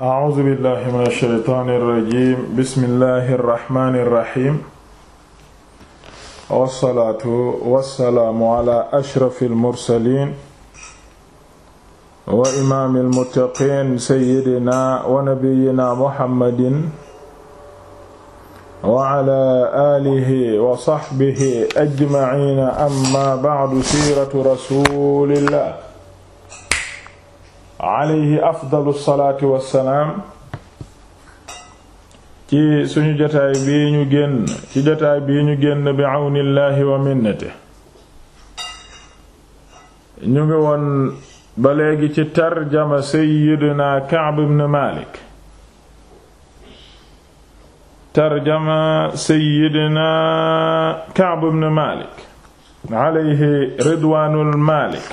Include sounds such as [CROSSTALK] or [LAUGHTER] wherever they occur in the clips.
أعوذ بالله من الشيطان الرجيم بسم الله الرحمن الرحيم والصلاة والسلام على أشرف المرسلين وإمام المتقين سيدنا ونبينا محمد وعلى آله وصحبه أجمعين أما بعد سيرة رسول الله alayhi afdalu salaatu wassalaam ci suñu jotaay bii ñu génn ci jotaay bii ñu génn bi àwnillaahi wa minnate ñu ngi woon ba léegi ci tarjama seyyidina Ka'b ibn Malik tarjama seyyidina Ka'b ibn Malik alayhi ridwaanul Malik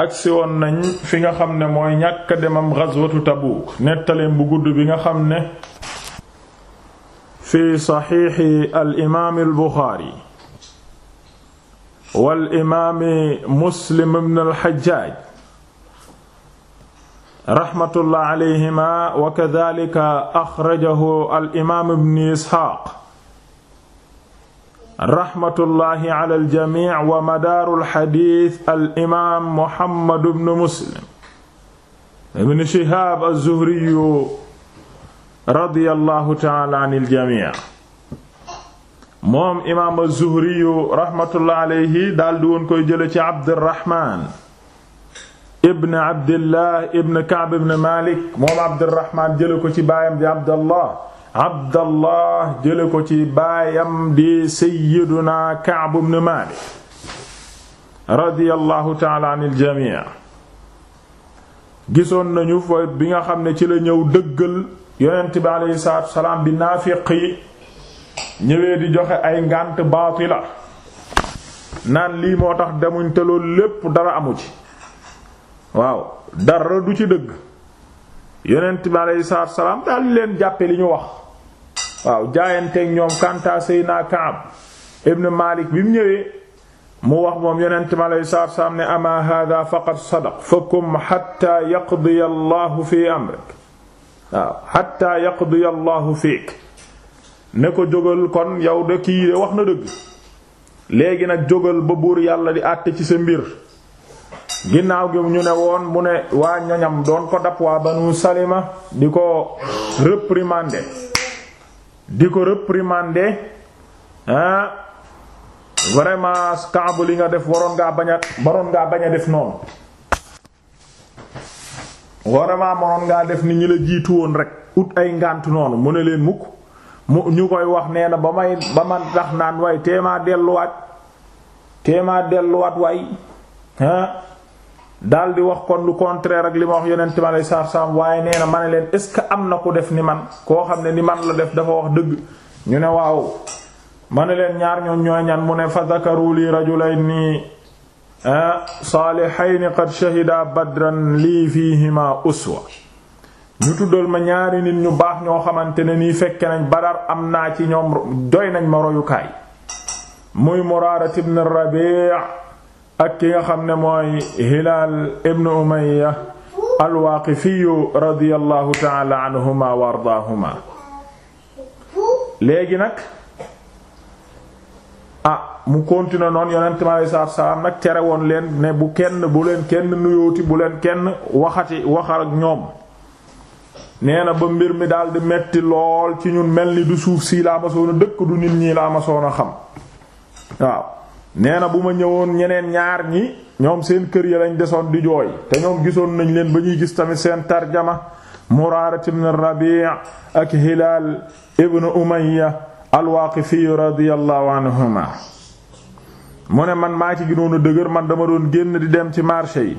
agsi woon nañ fi nga xam ne mooy ñàkk demam ghazwatu Tabuuk bu gudd bi nga xam ne fi saxiixi al imaami al wal imaami Muslim ibn al Hajjaaj raxmatullah alayhima wa kadaalika axrajahu raxmatullahi ala aljamic wa madaaru alxadis alimaam mohammad bnu muslim ibn shihaab azzuhriyu radiyallahu taala an aljamic moom imaam azzuhriyu raxmatullahi alayhi daldi woon koy jële ci abdirahman ibn abdillah ibn kacb ibn malik moom abdirahman jële ko ci baayam di abdallah abdallah jële ko ci baayam di sayyiduna Ka'b ibn Maalik radiyallahu taala anil jamii gisoon nañu fa bi nga xam ne ci la ñëw dëggal yonent bi aleyhi salaatu salaam bi naafiq yi ñëwee di joxe ay ngànt baatila naan lii moo tax demuñ te lépp dara amu ci waaw dara du ci dëgg yonent bi aleyhi salaatu salaam daal leen jàppe li ñu wax waaw jaayanteeg ñoom kanta Seydina Kaab ibn Malik bi mu ñëwee mu wax moom yonent mi alayhi salaatu salaam ne ama hada faqad sadaq fakum hatta yaqdiya Allahu fi amrik waaw hatta yaqdiya Allahu fiik ne ko jógal kon yow de kii de wax na dëgg léegi nag jógal ba buur yàlla di àtte ci sa mbir ginnaaw gi ñu ne woon mu ne waa ñoñam doon ko dab waa Banu Salima di ko réprimander di ko réprimander ah vraiment Kaab li nga def waroon ngaa bañ a waroon ngaa bañ a def noonu vraiment waroon ngaa def ni ñi la jiitu woon rek ut ay ngànt noonu mu ne leen mukk mu ñu koy wax nee na ba may ba ma tax naan waaye téemaa delluwaat téemaa delluwaat waay ah daal di wax kon lu contraire ak li ma wax yonent ma lay saam waaye nee na ma ne leen est ce que am na ku def ni man koo xam ne ni man la def dafa wax dëgg ñu ne waaw ma ne leen ñaar ñoom ñooy ñan mu ne fa zakaru lii rajulayni salihayni qad shahida badran lii fihima uswa ñu tuddal ma ñaari nit ñu baax ñoo xamante ne nii fekke nañ badar am naa ci ñoom doy nañ ma royukaay muy murarat ibn rabi' ak ki nga xam ne mooy Hilaal ibn Umayya al-Waaqifiyu radiyallahu ta'ala anhuma wa ardaahuma léegi nag a ah, mu continuer noonu yonent mi alayhi salaam nag tere woon leen ne bu kenn bu leen kenn nuyooti bu leen kenn waxati waxar ak ñoom nee na ba mbir mi daal di metti lool ci ñun mel ni du suuf sii laa masoon a dëkk du nit ñi laa masoon a xam waaw nee na bu ma ñëwoon ñeneen ñaar ñi ñoom seen kër ya lañ desoon di jooy te ñoom gisoon nañ leen ba ñuy gis tamit seen tarjama muraara ibn rabi' ak hilaal ibn umayya alwaqifi radiyallahu anhuma mu ne man maa ci ginoon a dëgër man dama doon génn di dem ci marché yi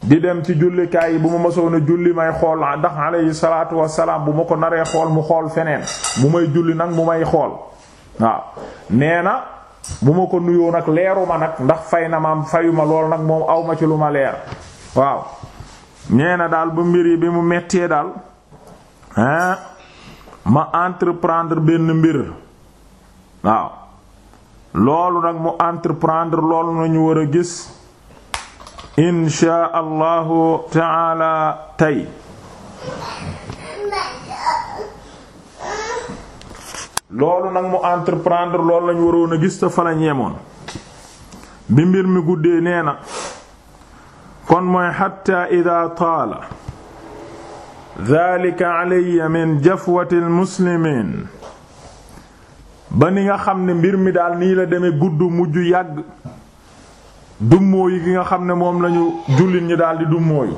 di dem ci jullikaay yi bu ma mësoon a julli may xool ndax alayhi salaatu wassalaam bu ma ko naree xool mu xool feneen bu may julli nag mu may xool waaw nee bu ma ko nuyoo nag leeruma nag ndax fay na maam fayu ma lool nag moom aw ma ci lu ma leer waaw nee na daal bu mbir yi bi mu mettee daal hein ma entreprendre benn mbir waaw loolu nag mu entreprendre loolu ñu war a gis insha allahu taala tey loolu nag mu entreprendre loolu lañu waroon a gis te fa ñeemoon bi mbir mi guddee nee na kon mooy xatta ida taala dalika alayya min jafwati almuslimiin ba ni nga xam ne mbir mi daal nii la demee gudd mujj yàgg dummóo gi nga xam ne moom lañu jullit ñi daal di dummóoyu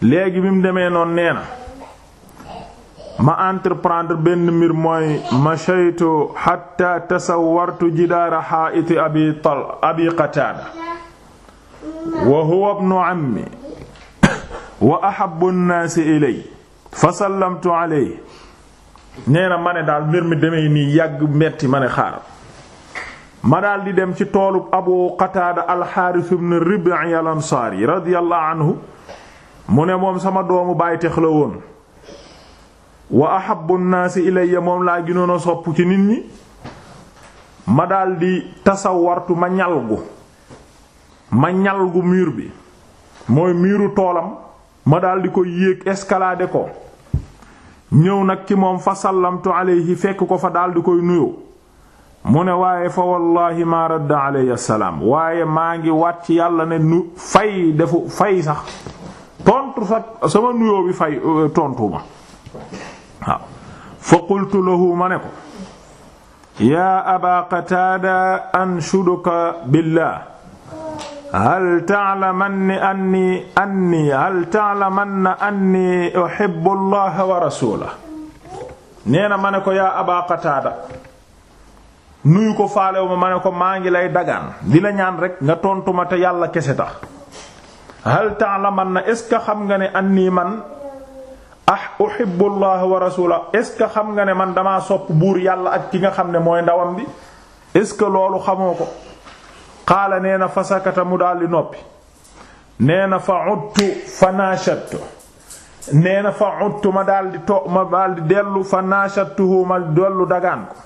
léegi bi mu demee noon nee na ma entreprendre benn mbir mooy mashaytu hatta tasawwartu jidaara haa'iti abi abi qataada wa huwa ibnu ammi wa ahabbu naasi ilay fa sallamtu alayhi nee na daal mbir mi demee nii yàgg metti ma ne ma daal di dem ci toolub abu qataada al-haaris ibn rib'i radiyallahu anhu mu ne moom sama doomu baay tex la woon wa ahabbu nnaasi ilayya moom laa ginoon sopp ci nit ñi ma daldi tasaw wartu ma ñalgu ma ñalgu miir bi mooy miiru toolam ma daldi ko yéeg escalader ko ñëw nag ki moom fa sallamtu fekk ko fa daldi koy nuyu mu ne waaye fa wallaahi ma radda alayhi assalaam waaye maa ngi waat ci yàlla ne nu fay defu fay sax tontu sax sama nuyoo bi fay euh, tontu ma waaw fa qultu lahu ma ne ko yaa aba qataada anshuduka billah hal ta'lamanna anni anni hal ta'lamanna anni uhibbu allaha wa rasulahu nee na ma ne ko ya aba qataada nuyu ko faalewu ma ma ko maa ngi lay dagaan dila ñaan rek nga tontu ma te yàlla kese tax hal ta'lamanna est-ce que xam nga ne anni man ah uhibbu llaha wa rasula est-ce que xam nga ne man damaa sopp buur yàlla ak ki nga xam ne mooy ndawam bi est-ce que loolu xamoo ko qaala nee na fa sakata mu daal di noppi nee na fa uttu fa ma daal di to dellu fa naashattuhu ma dellu dagaan ko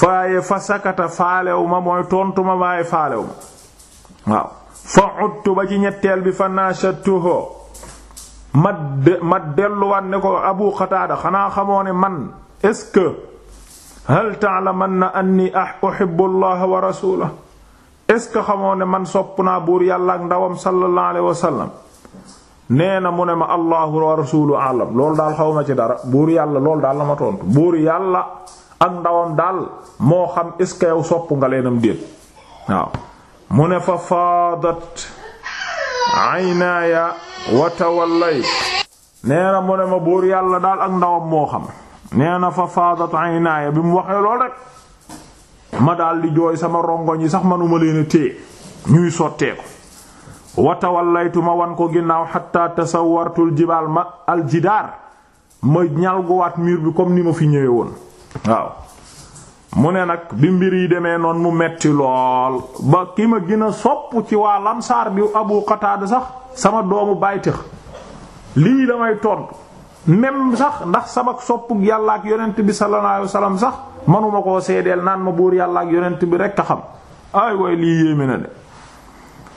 faaye fa sakata faalew ma mooy ma waaye faalew bi fa naashattuhu ma de ma delluwaat ne ko Abu Qataada xanaa xamoo ne man est-ce que hal ta'lamanna anni ah, uhibbu Allah wa rasulahu est-ce que xamoo ne man sopp naa buur yàlla ak ndawam sallallahu alayhi wa sallam nee na mu ne ma allahu wa rasulu alam loolu daal xawma ci dara buur yàlla loolu daal la ma tontu buur yàlla ak ndawam daal moo xam est-ce que yow sopp nga leenam déet waaw mu ne fa faadat aynaaya watawallay nee na mu ne ma buur yàlla daal ak ndawam moo xam nee na fa faadat aynaaya bi mu waxee lool rek ma daldi jooy sama rongoñ yi sax manuma leen a téye ñuy watawal laytu ma wan ko ginnaaw xatta tasawartul jibaal ma aljidaar ma ñal guwaat miir bi comme ni ma fi ñëwee woon waaw mu ne nag bi mbir yi demee noon mu metti lool ba ki ma gën a sopp ci waa lamsaar bi Abu Qatada sax sama doomu baytix lii la damay tontu même sax ndax sama sopp yàlla ak yonent bi sallallahu alayhi sax manuma ko seedeel naan ma buur yàlla ak yonent bi rekk a xam ay way lii yéeme de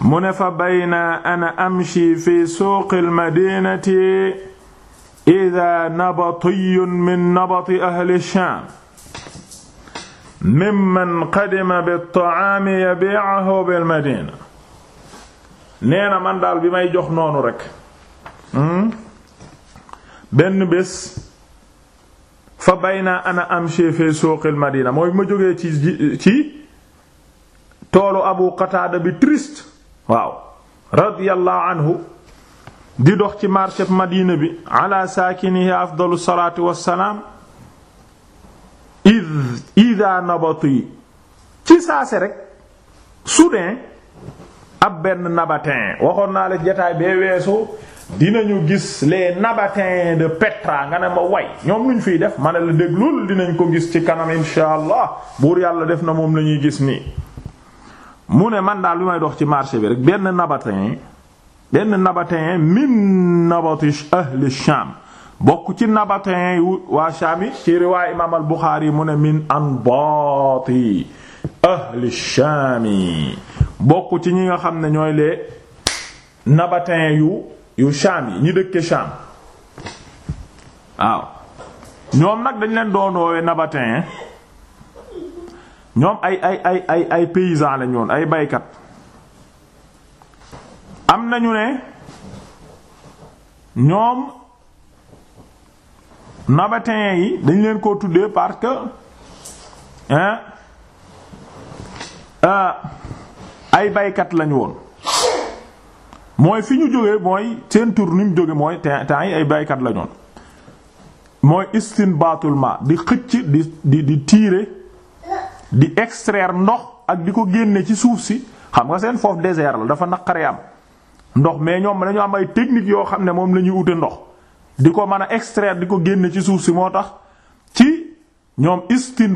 mu ne fa bayna ana amshi fi suuqi almadinati ida nabatiyun min nabati ahli sham mimman qadima bitaami yabi'ahu bil madina nee na man daal bi may jox noonu rek hmm? benn bés fa bayna ana amshi fi suuqil madina mooy ma jógee ci ci toolu abu qataada bi triste waaw radiyallahu anhu di dox ci marché madina bi ala saakinihi afdalu salaatu wassalaam ida nabati ci saase rek soudain ab benn nabatin waxoon naa la jataay bee weesu dinañu gis les nabatin de Petra nga ne ma way ñoom luñ fiy def mane la déglul dinañ ko gis ci kanam insha allah buur yàlla def na moom lañuy gis nii mu ne man daal bi may dox ci marché bi rek benn nabatin benn nabatin min nabati ahli Sham bokk ci nabatin yu waa Shaam ci riwaay imaam al mu ne min anbaati ahli Shaam bokk ci ñi nga xam ne ñooy les nabatin yu yu Shaam ñi dëkke Shaam waaw ñoom nag dañ leen doon woowe nabatin ñoom ay ay ay ay ay paysan la ay baykat am nañu ne ñoom nabatéens yi dañ leen koo tuddee parce que hein euh, ay baykat lañu woon mooy fi ñu jógee mooy seen tur ni mu jóge mooy temps yi ay baykat lañu woon mooy istinbaatul ma di xëcc di di di tirer di extraire ndox ak di ko génne ci suuf si xam nga seen foofu désert la dafa naqaree am ndox mais ñoom dañu am ay techniques yoo xam ne moom la ñuy wute ndox. di ko mën a extraire di ko génne ci suuf si moo tax ci ñoom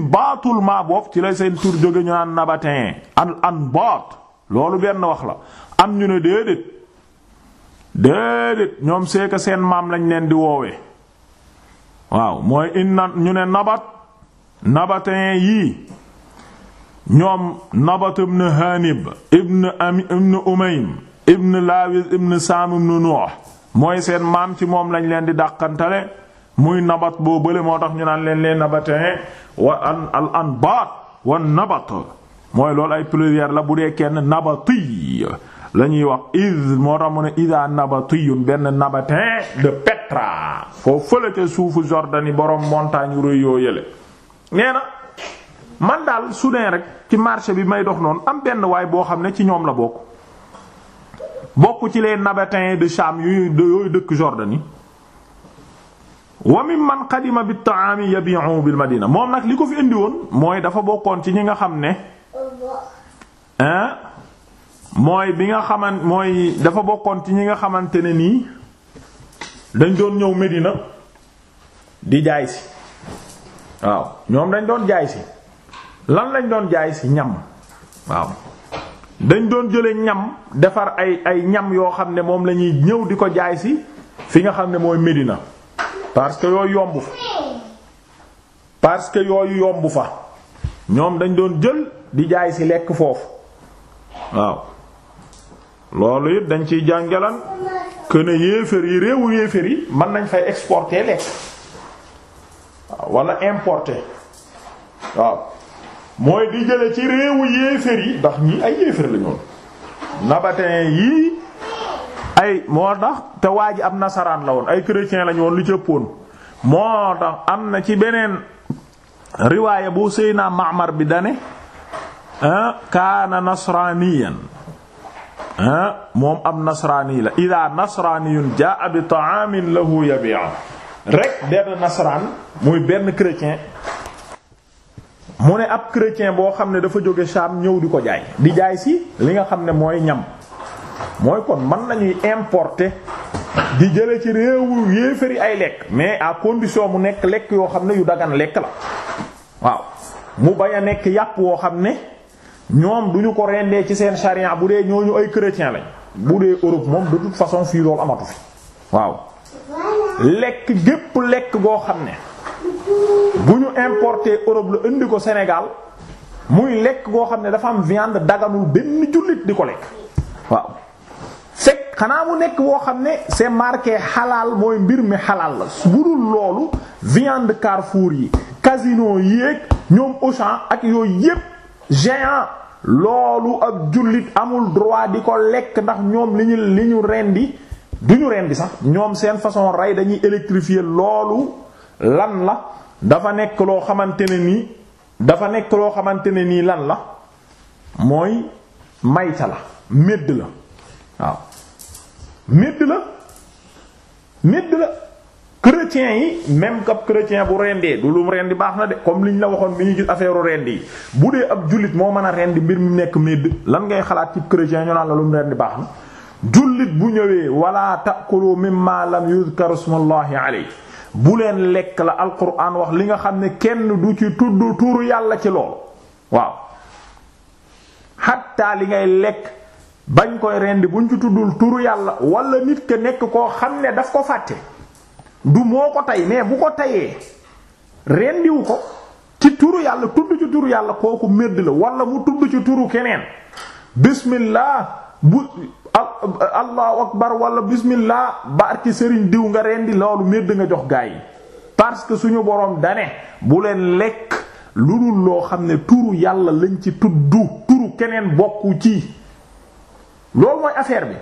baatul maa boobu ci la seen tur jóge ñu naan nabatin al anbaat loolu benn wax la am ñu ne déedéet déedéet ñoom seeka seen maam lañ leen di woowe waaw mooy inna ñu ne nabat nabatin yii ñoom nabat ibn hanib ibn am ibn umaym ibn lawis ibn sam ibn nuh mooy seen maam ci moom lañu leen di dàqantale muy nabat boo bële moo tax ñu naan leen leen nabatin wa an al anbaat wa nabat mooy loolu ay pluriel la bu dee kenn nabati la ñuy wax id moo tax mu ne ida nabatiyun benn nabatin de Petra foo fële ca suufu Jordanie borom montagne rëy yoo yële nee na man daal soudain rek ci marché bi may dox noonu am benn waay boo xam ne ci ñoom la bokk bokk ci les nabatéens de Cham yooyu dëkk Jordanie wa mimman qadima bi taami yabi'u bil madina moom nag li ko fi indi woon mooy dafa bokkoon ci ñi nga xam ne mooy bi nga xaman mooy dafa bokkoon ci ñi nga xamante ne nii dañ doon ñëw Medina di jaay si waaw ñoom dañ doon jaay si lan lañ doon jaay si ñam waaw dañ doon jële ñam defar ay ay ñam yoo xam ne moom lañuy ñëw di ko jaay si fi nga xam ne mooy Médina parce que yooyu yomb fa parce que yooyu yomb fa ñoom dañ doon jël di jaay si lekk foofu waaw loolu it dañ ciy jàngalan que ne yéefér yi réewu yéefér yi man nañ fay exporter lekk wala importer waaw mooy di jële ci réewu yéefér yi ndax ñii ay yéefér la nabatin yii ay moo tax te waa ji am nasaraan la woon ay chrétien la lu cëppoon moo tax am na ci beneen riwaaya bu seyna Ma'mar bi dane ah, kaana nasraniyan ah, moom am nasraani la ida nasraniyun jaa bi ta'amin lahu yabi'a rek benn nasraan muy benn chrétien mu ne ab chrétien boo xam ne dafa jóge Sham ñëw di ko jaay di jaay si li nga xam ne mooy ñam mooy kon mën nañuy importer di jële ci réewu yéefari ay lekk mais à condition mu nekk lekk yoo xam ne yu dagan lekk la waaw mu bañ a nekk yàpp woo xam ne ñoom duñu ko rendee ci seen charia bu dee ñooñu ay chrétien lañ bu dee Europe moom de toute façon fii loolu amatu fi waaw lekk gépp lekk goo xam ne bu ñu importer Europe la indi ko Sénégal muy lekk goo xam ne dafa am viande daganul benn jullit di ko lekk waaw fekk xanaa mu nekk woo xam ne c'est marqué xalaal mooy mbir mi xalaal la bu budul loolu viande Carrefour yi casino yéeg ñoom Auchan ak yooyu yépp géant loolu ak jullit amul droit di ko lekk ndax ñoom li ñu li ñu rendi du ñu rendi sax ñoom seen façon rey dañuy électrifier loolu lan la dafa nekk loo xamante ne nii dafa nekk loo xamante ne nii lan la mooy mayta la médd la waaw médd la médd la chrétiens yi même kab chrétien bu rendee du lum rendi baax na de comme ñu la waxoon bi ñuy gis affaire rendi yi bu dee ab jullit moo mën a rend mbir mu nekk médd lan ngay xalaat ci chrétien ñu naan la lu lum rendi baax na jullit bu ñëwee walaata ta'kulu mimma lam yuzkar ismullahi bu leen lekk la alquran wax li nga xam ne kenn du ci tudd turu yàlla ci loolu waaw xatta li ngay lekk bañ koy rendi buñ ci tuddul tuuru yàlla walla nit ke nekk koo xam ne daf ko fàtte du moo ko tey mais bu ko teyee rendiwu ko ci turu yàlla tudd ci turu yàlla kooku medd la walla mu tudd ci turu keneen bismillah bu Eh, allahu akbar wala bismillah barki sëriñ diw nga rendi loolu medd nga jox gaa yi parce que suñu boroom dane bu leen lekk lu dul loo xam ne turu yàlla lañ ci tudd turu keneen bokku ci loolu mooy affaire bi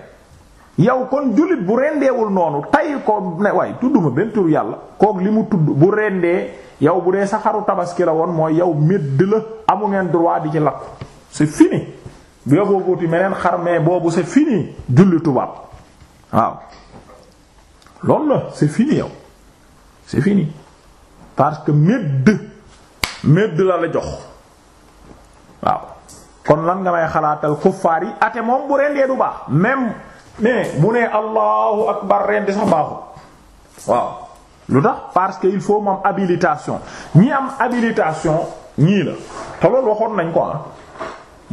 yow kon jullit bu rendeewul noonu tay ko ne waaye tudduma benn turu yàlla kook li mu tudd bu rendee yow bu dee sa xaru tabaski la woon mooy yow medd la amu ngeen droit di ci lakku c'est fini bu yoboo buuti meneen xar mais boobu c'est fini julli tubaab waaw loolu la c'est fini yow c'est fini parce que medd medd la la jox waaw kon lan nga may xalaatal kuffaar yi ate moom bu rendee du baax même mais mu ne allahu akbar rendi sax baaxul waaw lu tax parce que il faut moom habilitation ñi am habilitation ñii la te loolu waxoon nañ ko ah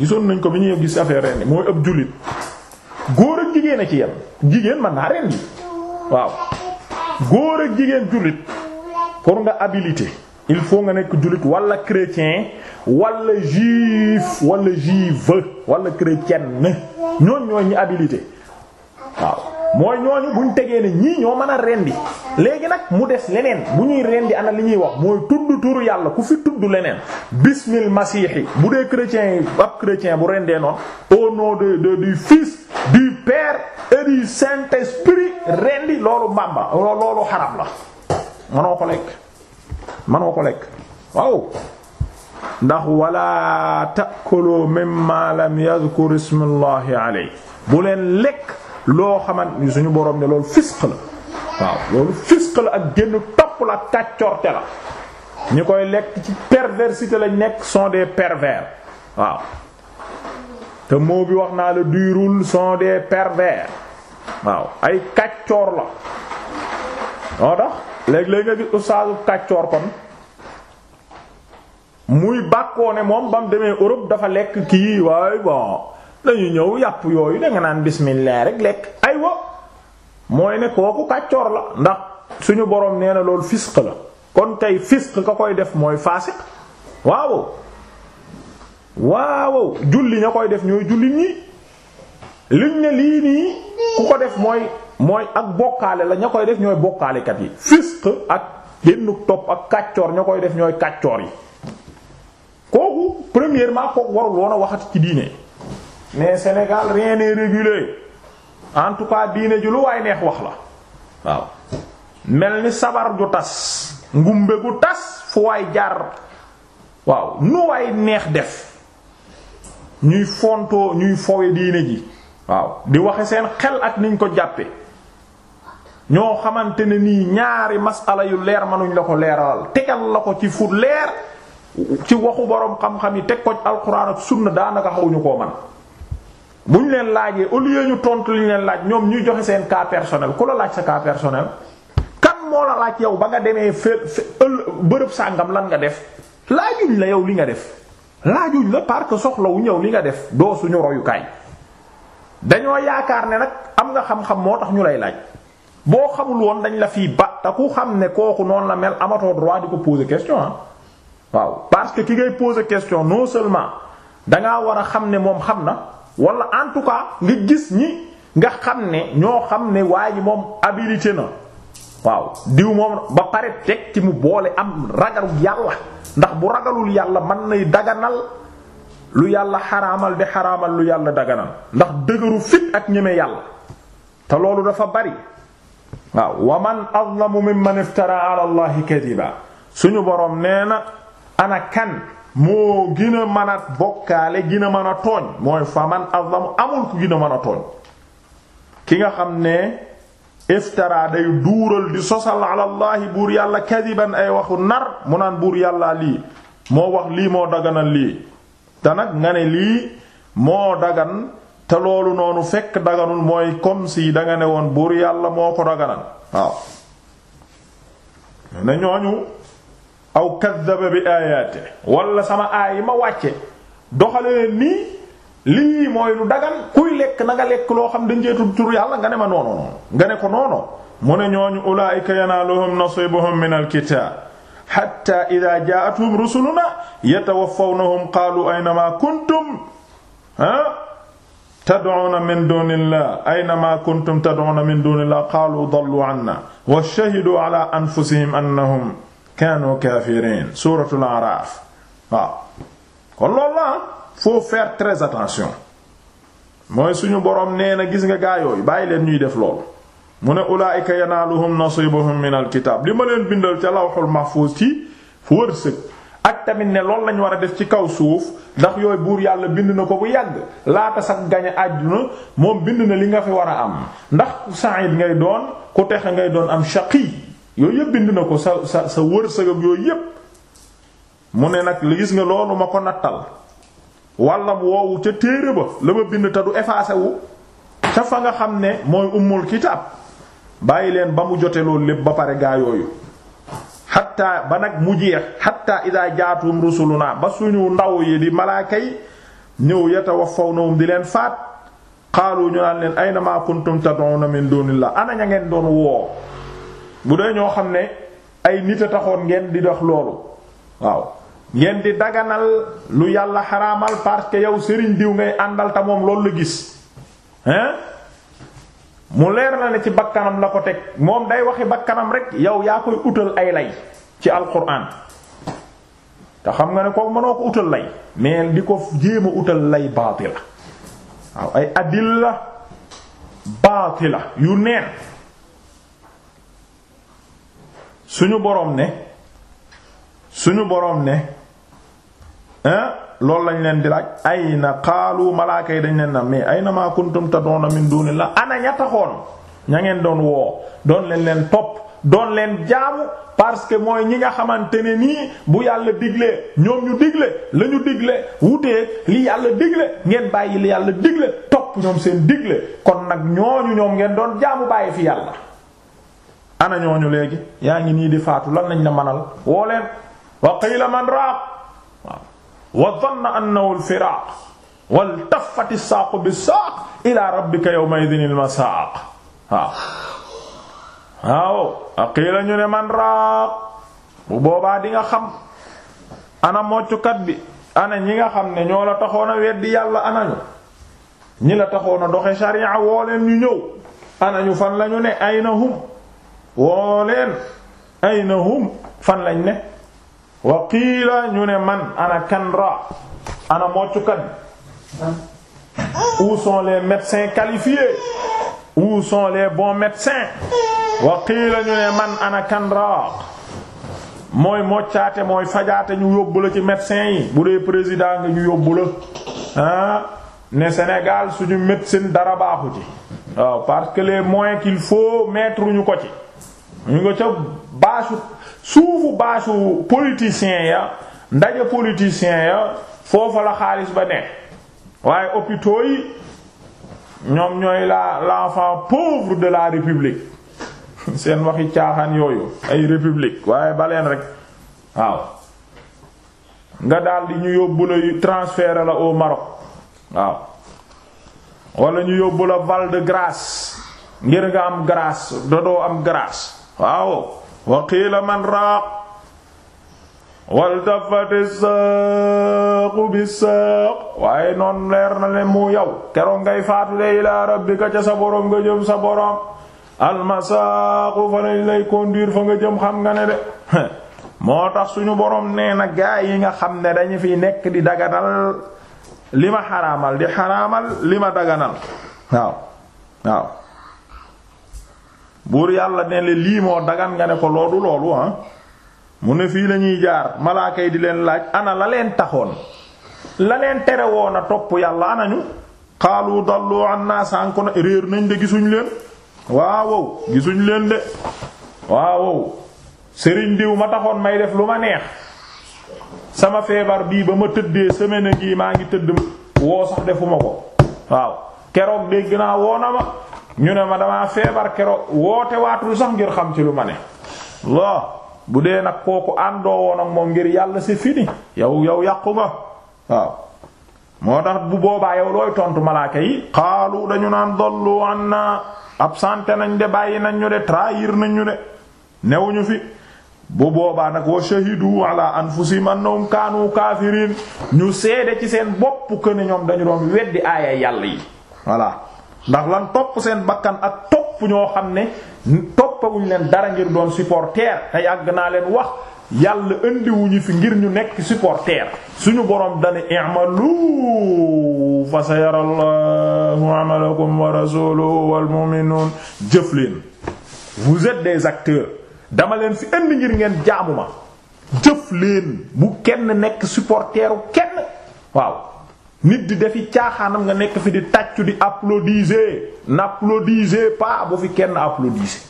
gisoon nañ ko bi ñuy gis affaire rendi mooy ab jullit góor ak jigéen a ci yem jigéen man naa rendi waaw góor ak jigéen jullit pour nga abilité il faut nga nekk jullit wala chrétien wala juif wala juive wala chrétienne ñooñ ñooñ ñi habilité mooy ñooñu ñu tegee ne ñii ñoo mën a rendi léegi nag mu des leneen bu ñuy rendi ana li ñuy wax mooy tudd turu yàlla ku fi tudd leneen bismil masiixi bu dee chrétien yi ab chrétien bu rendee noonu au de de du fils du père et saint esprit rendi loolu mbamba loolu xaram la manoo ko lekk manoo ko lekk waaw ndax ta ta'kulu mimma lam yadhkur ismullahi alayhi bu leen lekk loo xamante ni suñu borom ne loolu fisq la waaw loolu fisq la ak génn topp la ak kàccorte la ñi koy lekk ci perversité lañ nekk sont des pervers waaw te moo bi wax naa la duirul sont des pervers waaw ay kàccoor la moo tax léeg-léeg nga gis ustaasu kàccoor kon muy bàkkoo ne moom ba demee Europe dafa lekk kii waaye bon lañu ñëw yàpp yooyu danga naan bismillah rek lekk aywa mooy ne kooku kàccoor la ndax suñu boroom nee na loolu fisq la kon tey fisq ka koy def mooy faasiq waaw waaw julli ña koy def ñooy julli ñi liñ ne lii nii ku ko def mooy mooy ak bokkaale la ña koy def ñooy bokkaalekat yi fisq ak génnuk topp ak kàccoor ña koy def ñooy kàccoor yi kooku premièrement kooku warul woon a ci diine mais Sénégal rien n'est régulé en tout cas diine ju lu waay neex wax la waaw mel ni sabar ju tas ngumbe gu tas fu waay jaar waaw nu waay neex def ñuy fontoo ñuy fowe diine ji waaw di waxe seen xel ak niñ ko jàppe ñoo xamante ne nii ñaari masala yu leer manuñ la ko leeral tegal la ko ci fu leer ci waxu boroom xam-xam yi teg ko alxuraan ak sunna daanaka xawuñu koo man bu ñu leen laajee au lieu ñu tontu li ñu leen laaj ñoom ñuy joxe seen cas personnel ku la laaj sa cas personnel kan moo la laaj yow ba nga demee fé fé bërëb sàngam lan nga def laajuñ la yow li nga def laajuñ la parce que soxlawu ñëw li nga def doo suñu royukaay dañoo yaakaar ne nag am nga xam-xam moo tax ñu lay laaj boo xamul woon dañ la fii ba te ku xam ne kooku noonu la mel amatoo droit di ko poser question ah. waaw parce que ki ngay poser question non seulement dangaa war a xam ne moom xam na. wala en tout cas nga gis ñi nga xam ne ñoo xam ne waa ji moom habilité na waaw diw moom ba pare teg ci mu boole am ragalul yàlla ndax bu ragalul yàlla mën nay daganal lu yàlla xaraamal bi xaramal lu yàlla daganal ndax dëgëru fit ak ñeme yàlla te loolu dafa bari waaw wa man azlamu mimman iftara ala allahi kadiba suñu boroom nee na ana kan moo gën a mën a bokkaale gën a mën a tooñ mooy faman azlamu amul ku gën a mën a tooñ ki nga xam ne iftara day duural di sosal alallahi buur yàlla kadiban ay waxu nar mu naan buur yàlla lii moo wax lii moo daganal lii te nag nga ne lii moo dagan te loolu noonu fekk daganul mooy comme danga ne woon buur yàlla moo ko daganal waaw aw kaddaba bi aayaate wala sama aay yi ma wàcce doxalee nii lii mooy lu dagan kuy lekk na nga lekk loo xam dañ jeetul tur yàlla nga ne ma noono noonu nga ne ko noono mu ne ñooñu ulaa'ika yanaaluhum nasiibuhum min alkitaab hatta idaa jaa'atuhum rusulunaa yatawaffawnahum qaalu aynamaa kuntum kuntum tad'una min dunillah qaalu dallu anna wa shahidu ala anfusihim annahum kaanu kaafiriin suuratul araaf waaw kon loolu la faut faire très attention mooy suñu boroom nee na gis nga gaayooyu bàyyi leen ñuy def loolu mu ne ulaayika yanaaluhum nasiibuhum minal kitaab li ma leen bindal ca lawxul mahfuus ci wërsëg ak tamit ne loolu lañ war a def ci kaw suuf ndax yooyu buur yàlla bind na ko bu yàgg laata sax gañe àdduna moom bind na li nga fi war a am ndax sa'id ngay doon ku texe ngay doon am shaqi yooyu yëpp bind na ko sa sa sa wërsëg yooyu yëpp mu ne nag li gis nga loolu ma ko nattal wallam woowu ca téere ba la ma bind te du effacé ca fa nga xam ne mooy ummul kitaab bàyyi leen ba mu jote lépp ba pare gaa yooyu xatta ba nag mu jeex xatta idaa jaatum rusuluna ba suñu ndaw yi di malaaka yi ñëw yatawaffawnahum di leen faat xaalu ñu naan leen ayna ma kuntum tad'una min dunillah ana ña ngeen doon woo bu dee ñoo xam ne ay nit a taxoon ngeen di dox loolu waaw ngeen di daganal lu yàlla xaraamal parce que yow sëriñ diw ngay àndal ta moom loolu la gis hein mu leer na ne ci bakkanam la ko teg moom day waxi bakkanam rek yow yaa koy utal ay lay ci alquran te xam nga ne ko mënoo ko utal lay mais di ko jéem utal lay baatila waaw ay adilla baatila yu neen suñu boroom ne suñu boroom ne hein loolu lañ leen di laaj ay na xaalu malaaka yi dañ leen na mais ay na maa kuntum taduna min la ana ña taxoon ña ngeen doon woo doon leen leen topp doon leen jaamu parce que mooy ñi nga xamante ne nii bu yàlla digle ñoom ñu digle la digle wuteeg li yàlla digle ngeen bàyyi li yàlla digle topp ñoom seen digle kon nag ñooñu ñoom ngeen doon jaamu bàyyi fi yàlla ana ñooñu léegi yaa ngi nii di faatu lan lañ la manal woo leen wa qiila man raaq wa dhanna annahu al-firaaq wal taffati as-saaqu bis-saaq ila rabbika yawma idhin al waaw waaw ñu ne man bu boobaa di nga xam ana moccukat bi ana ñi nga xam ne ñoo la taxoon a weddi yàlla anañu ñi la taxoon a doxe sharia woo leen ñu ñëw anañu fan lañu ne aynahum woo leen ayna hum fan lañ ne wa qiila ñu ne man ana kan ra ana moccukat où sont les médecins qualifiés où sont les bons ñu ne man ana kan ra mooy moccaate mooy fajaate ñu yóbbu la ci médecin yi bu dee président nga ñu yóbbu la ne Sénégal suñu médecine dara baaxu ci waaw parce que les moyens qu'il faut mettre ñu ko ci ñu nga ca baasu suufu baasu politiciens ya ndaje politiciens ya foofa la xaalis ba ne waaye hôpitaux yi ñoom ñooy la l'enfant pauvre de la république [LAUGHS] seen waxi caaxaan yooyu ay république waaye baleen rek waaw nga daldi ñu yóbbu la transférer la au Maroc waaw wala ñu yóbbu la Val de grace ngir nga am grâce dodoo am grâce waaw wa qiila man raaq waltafati saaqu bi saaq waaye noon leer na le mu yow keroog ngay faatu de ilaa rabbika ca sa boroom nga jëm sa boroom almasaaqu fa lañ lay conduire fa nga jëm xam nga ne de [LAUGHS] moo tax suñu boroom nee na gaay yi nga xam ne dañu fiy nekk di daganal li ma xaramal di xaraamal li ma daganal waaw waaw buur yàlla ne lii moo dagan nga ne ko loolu loolu ah mu ne fii lañuy jaar malaaka yi di leen laaj ana la leen taxoon la leen tere woon a topp yàlla anañu xaalu dallu naa sànko na réer nañ de gisuñu leen waawow gisuñ leen de waawow sëriñ diw ma taxoon may def lu ma neex sama feebar bii ba ma tëddee semaine gii maa ngi tëdd woo sax defuma ko waaw keroog dégg naa woona ma ñu ne ma damaa feebar kero woote waatul sax ngir xam ci lu ma ne loo bu dee nag kooku àndoo woon moom ngir yàlla si fini yow yow yàqu nga waaw moo tax bu boobaa yow looy tontu malaaka yi xaalu dañu naan dollu an na ab absenté nañ de bàyyi nañ ñu de trahir nañ ñu de newuñu fi bu boobaa nag wa shahidu ala anfusihim annahum kaanu kaafiriin ñu seede ci seen bopp que ne ñoom dañu doon weddi aaya yàlla yi voilà ndax lan topp seen bakkan ak topp ñoo xam ne toppawuñ leen dara ngir doon supporter te yàgg naa leen wax yàlla indiwuñu fi ngir ñu nekk supporter suñu borom dane i'malu fa sayarallahu amalakum wa rasuluhu wal mu'minun jëf leen vous êtes des acteurs dama leen fi indi ngir ngeen jaamu ma jëf leen bu kenn nekk supporteru kenn waaw nit di defi caaxaanam nga nekk fi di tàccu di applaudiser n'applaudisez pas bu fi kenn applaudiser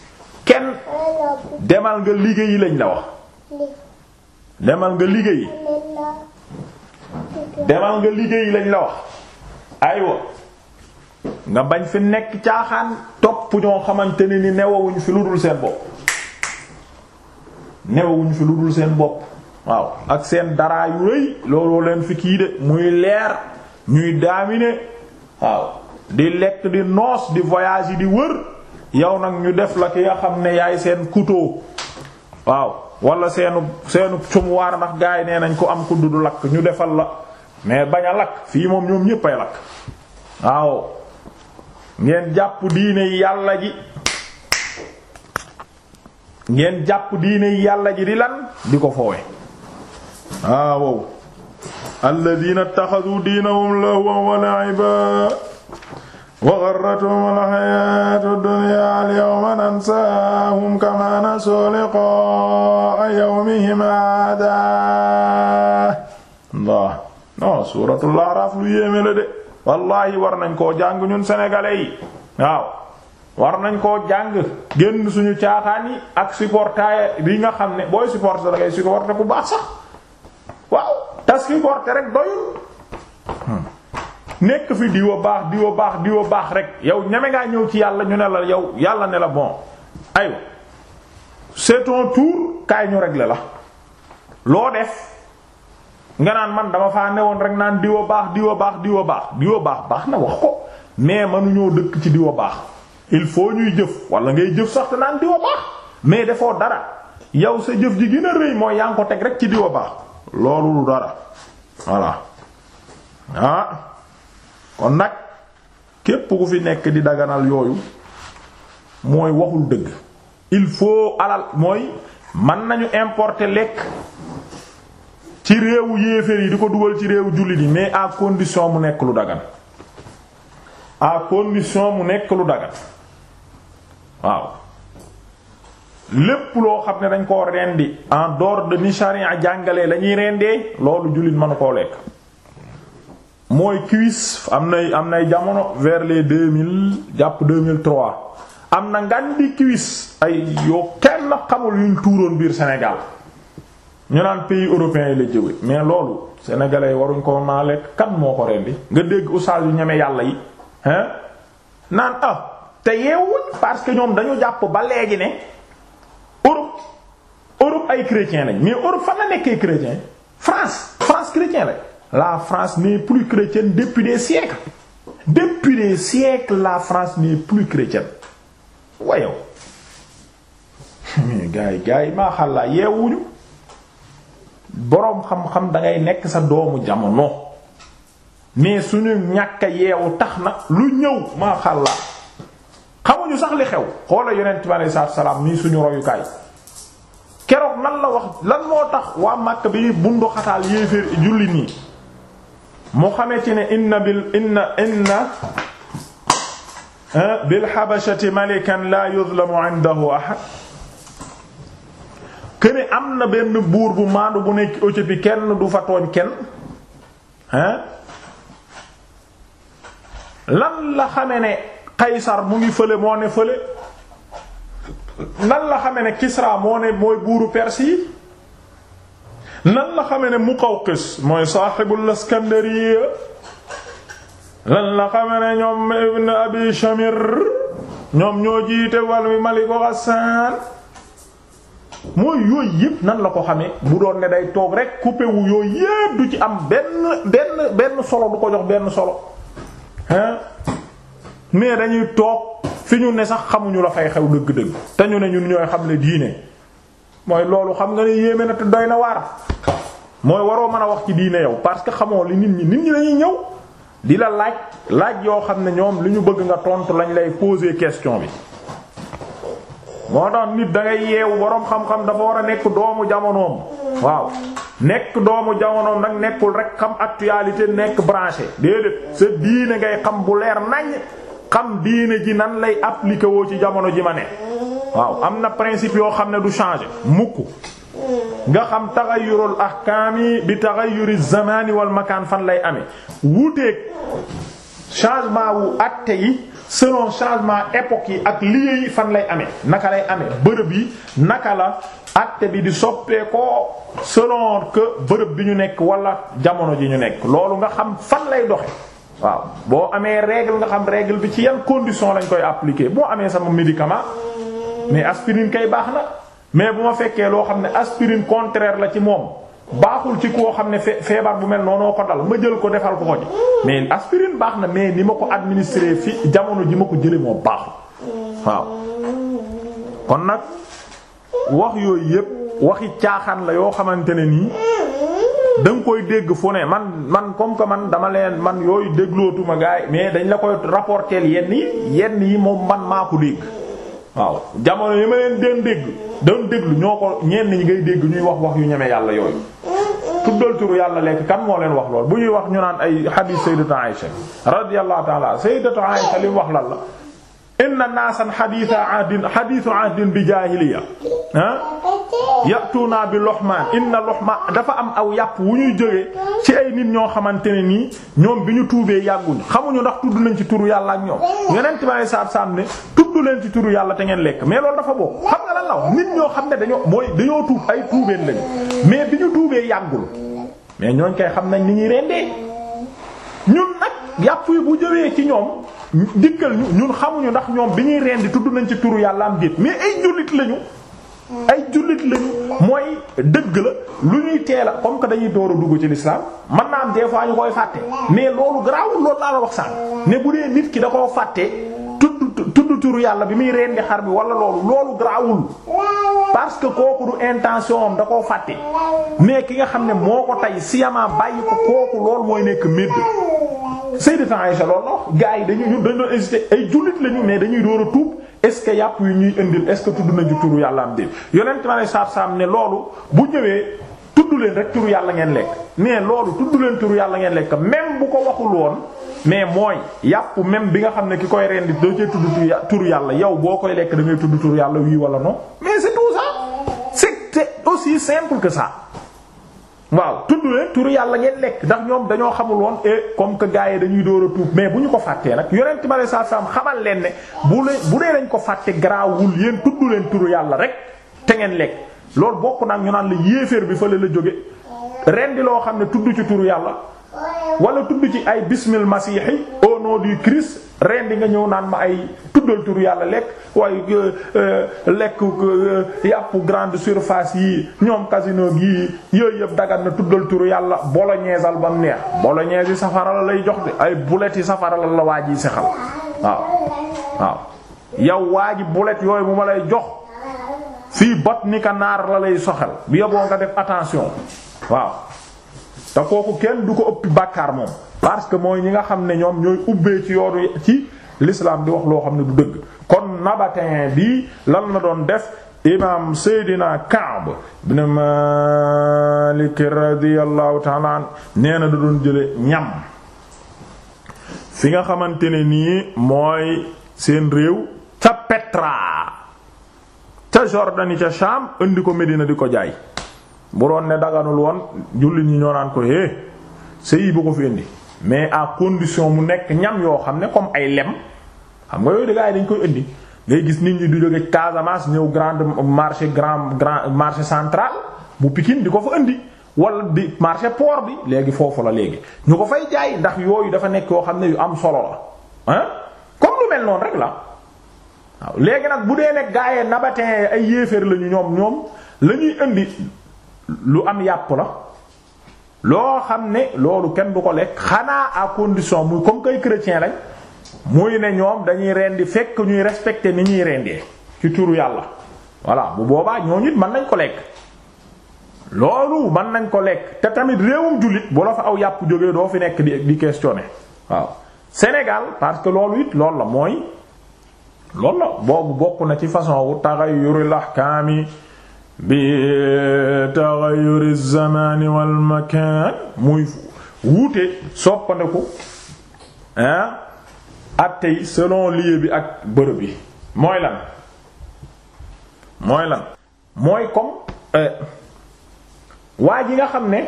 kenn demal nga liggéeyi lañ la wax demal nga liggéeyi demal nga liggéeyi lañ la wax aywa nga bañ fi nekk caaxaan topp ñoo xamante ne ni newawuñ fi lu dul seen bopp newawuñ fi lu dul seen bopp waaw ak seen daraa yu rëy looloo leen fi kii de muy leer ñuy daamine waaw di lekk di noos di voyage yi di wër yow nag ñu def la ki nga xam ne yaay seen couteau waaw wala seenu seenu cumuwaar ndax gars yi nee nañ ko am ku du lakk ñu defal la mais bañ a lakk fii moom ñoom ñépp ay lakk waaw ngeen jàpp diine yàlla ji ngeen jàpp diine yàlla ji di lan di ko fowe waaw alladina ittaxadu diinahum lahwan wa la'iban Allah non lu yéeme la de wallaahi war nañ koo jàng ñun sénégalais yi waaw war nañ koo jàng génn suñu caaxaan yi ak supporter yi nga xam ne booy supporter da ngay baax sax. tas ki gorte rek doyul hmm. nekk fi diwa baax diwa baax diwa baax rek yow ñeme ngaa ñëw ci yàlla ñu ne la yow yàlla ne la bon aywa c'est ton tour kaay ñu régler la loo def nga naan man dama ne woon rek naan diwa baax diwa baax diwa baax diwa baax baax na wax ko mais mënuñoo dëkk ci diwa baax il faut ñuy jëf wala ngay jëf sax te naan diwa baax mais defoo dara yow sa jëf ji gën a rëy mooy yaa ngi teg rek ci diwa baax loolu dara voilà ah kon nag képp ku fi nekk di daganal yooyu mooy waxul dëgg il faut alal mooy man nañu importer lekk ci réewu yéeféer yi di ko dugal ci réewu jullit yi mais à condition mu nekk lu dagan à condition mu nekk lu dagan waaw lépp loo xam ne dañ koo rendi en dor de ni charia jàngalee la ñuy rendee loolu jullit mënu koo lekk mooy cuisse am nay am nay jamono vers les deux mille jàpp deux mille trois am na ngan di ay yoo kenn xamul yuñ tuuroon biir senegal ñu naan pays européens yi la jóge mais loolu yi waruñ ko maa lekk kan moo ko rendi nga dégg oustaz yu ñeme yàlla yi hein naan ah te yeewuñ parce que ñoom dañu jàpp ba léegi ne Europe ay chrétien nañ mais Europe fan la nekkee chrétien France France chrétien la France n'est plus chrétienne depuis des siècles depuis des siècles la France n'est plus chrétienne wayow [LAUGHS] gars yi gars yi maa xàllaa yeewuñu boroom xam-xam da nekk sa doomu jamono mais suñu ñàkk yeewu tax na lu ñëw maa xàllaa xamuñu sax li xew xoola yonent bi alei salaam nii suñu royukaay keroog lan la wax lan moo tax waa Makka bi bundu xataal yéeféer julli nii mu xamee ci ne inna bil inna inna ah, bil habashati malikan la yuzlamu am na benn buur bu maandu bu nekk Éthiopie kenn du fa tooñ kenn hein ah? lan la xame ne Qaysar mu ngi fële moo ne fële nan la xame ne Kisra moo ne mooy buuru persi nan la xame ne Muqawqis mooy saaxibul Iskandariya lan la xame ne ñoom ibn Abi Shamir ñoom ñoo jiite wal Maliku Ghassan mooy yooyu yëpp nan la ko xamee bu doon ne day toog rek coupé wu yooyu yëpp du ci am benn benn benn solo du ko jox benn solo hein mais dañuy toog fi ñu ne sax xamuñu la fay xew dëgg-dëgg te ñu ne ñun ñooy xam ne diine mooy loolu xam nga ne yéeme na te doy na waar mooy waroo mën a wax ci diine yow parce que xamoo li nit ñi nit ñi lañuy ñëw di la laaj laaj yoo xam ne ñoom li ñu bëgg nga tontu lañ lay poser question bi. moo tax nit dangay ngay yeewu boroom xam-xam dafa war a nekk doomu jamonoom waaw nekk doomu jamonoom nag nekkul rek xam actualité nekk branché déedéet sa diine ngay xam bu leer nañ. xam diine ji nan lay appliquer woo ci jamono ji ma ne waaw am na principe yoo xam ne du changer mukk nga xam taxayurul ahkaami bi taxayuri zamani wal makaan fan lay amee wuuteeg changement wu atte yi selon changement époque yi ak lieu fan lay amee naka lay ame bërëb yi naka la atte bi di soppeekoo selon que bërëb bi ñu nekk wala jamono ji ñu nekk loolu nga xam fan lay doxe waaw boo amee règle nga xam regle bi ci yan condition lañ koy appliquer boo amee sama médicament mais aspirine kay baax na mais bu ma fekkee loo xam ne aspirine contraire la ci moom baaxul ci koo xam ne feebar bu mel noonu ko dal ma jël ko defal ko ko ci mais aspirine baax na mais ni ma ko administrer fi jamono ji ma ko jële moom baaxul waaw kon nag wax yooyu yépp waxi caaxaan la yoo xamante ne nii da koy dégg fu ne man man comme que man dama leen man yooyu déglootuma gaay mais dañ la koy rapporter yenn yi yenn yi moom man maa ko dégg waaw jamono yi ma leen den dégg doon déglu ñoo ko ñenn ñi ngay dégg ñuy wax wax yu ñeme yàlla yooyu tuddal turu yàlla lekk kan moo leen wax lool bu ñuy wax ñu naan ay hadith sayyidatu Aisha radiyallahu ta'ala sayyidatu Aisha li wax lal la inna naasan xadiisu ahdin xadiisu ahdin bi jaahiliya yatuuna bi loxmaan inna loxmaan dafa am aw yàpp wu ñuy jógee ci ay nit ñoo xamante ne nii ñoom bi ñu tuubee yàgguñu xamuñu ndax tudd nañ ci turu yàlla ak ñoom yeneen tubaab yi saabsaab ne tudd leen ci turu yàlla te ngeen lekk mais loolu dafa bokk xam nga la wax nit ñoo xam ne dañoo mooy dañoo tuub ay tuubeen lañu mais bi ñu tuubee yàggul mais ñooñ kay xam nañ ni ñuy rendee ñun nag yàpp yi bu jógee ci ñoom. dikkal ñu ñun xamuñu ndax ñoom bi ñuy di tudd nañ ci turu yàlla am déet mais ay jullit lañu ay jullit lañu mooy dëgg la lu ñuy teel a comme que dañuy door a dugg ci l'islam man naa am des fois ñu koy fàtte mais loolu garaawul loolu laa la wax sànq ne bu dee nit ki da koo fàtte tudd tudd turu yàlla bi muy rendi xar bi wala loolu loolu garaawul parce que kooku du intention am da koo fàtte mais ki nga xam ne moo ko tey siyamaa bàyyi ko kooku loolu mooy nekk médd Sayyidat Aïcha loolu nox yi dañuy ñun dañ doon hésité ay jullit lañu mais dañuy door a tuub est-ce que yàpp yu ñuy indil est-ce que tudd nañu turu yàlla am déet yonent ma ne saab-saab ne loolu bu ñëwee tudd leen rek turu yàlla ngeen lekk mais loolu tudd leen turu yàlla ngeen lekk même bu ko waxul woon mais mooy yàpp même bi nga xam ne ki koy rendi doo cee tudd turu yàlla yow boo koy lekk da ngay tudd turu yàlla wii wala non mais c'est tout ça aussi simple que ça waaw tudd leen turu yàlla ngeen lekk ndax ñoom dañoo xamul woon comme que gars yi dañuy door a tuub mais bu ñu ko fàttee nag yonent ma saa saam xamal leen ne bu leen bu dee dañ ko fàtte garaawul yéen tudd leen turu yàlla rek te ngeen lekk loolu bokk naa ñu naan la yéeféer bi fële la jóge rendi loo xam ne tudd ci turu yàlla. wala tudd ci ay bismil masiixi au nom du Christ rendi nga ñëw naan ma ay tuddal tur yàlla lekk waaye euh, euh, lekk euh, yàpp grande surface yi ñoom casino gi yooyu yëpp dagat na tuddal tur yàlla bolognaise al bam neex bolognaise safara la lay jox de ay boulettes yi safara la la waa ji sexal waaw waaw yow waa ji boulettes yooyu bu ma lay jox fii bot ni ka la lay soxal bi yoboo nga def attention waaw te kooku kenn du ko ëppi bàkkaar moom parce que mooy ñi nga xam ne ñoom ñooy ubbee ci yoonu ci l'islam di wax loo xam ne du dëgg kon nabatin bi lan la doon def imam Seydina Kaab bin Malik radiyallahu ta'ala nee na da doon jële ñam fi nga xamante ne nii mooy seen réew ca Petra ca Jordanie ca Sham indi ko Medina di ko jaay bu doon ne daganul woon jullit ñu ñoo naan ko eh sëy bu ko fi indi mais à condition mu nekk ñam yoo xam ne comme ay lem xam nga yooyu da ngay dañ koy indi ngay gis nit ñi du jóge Casamance ñëw grande marché grand grand marché central bu Pikine di ko fa indi walla bi marché port bi léegi foofu la léegi ñu ko fay jaay ndax yooyu dafa nekk yoo xam ne yu am solo la ah comme lu mel noonu rek la waaw léegi nag bu dee nekk gaayee nabatin ay yéeféer lañu ñoom ñoom lañuy indi lu am yàpp la loo xam ne loolu kenn du ko lekk xanaa à condition muy comme kay chrétien lañ muy ne ñoom dañuy rendi fekk ñuy respecter ni ñuy rendee ci turu yàlla voilà bu boobaa ñoo nit mën nañ ko lekk loolu mën nañ ko lekk te tamit réewum jullit bu la fa aw yàpp jógee doo fi nekk di di questionner waaw Sénégal parce que loolu it loolu la mooy loolu la boobu bokk na ci façon wu taxayyurul ahkaami bi taxayuri zamani wal makan muy wuute soppandeku ak tey selon lieu bi ak bërëb bi mooy lan mooy lan mooy comme euh, waa ji nga xam ne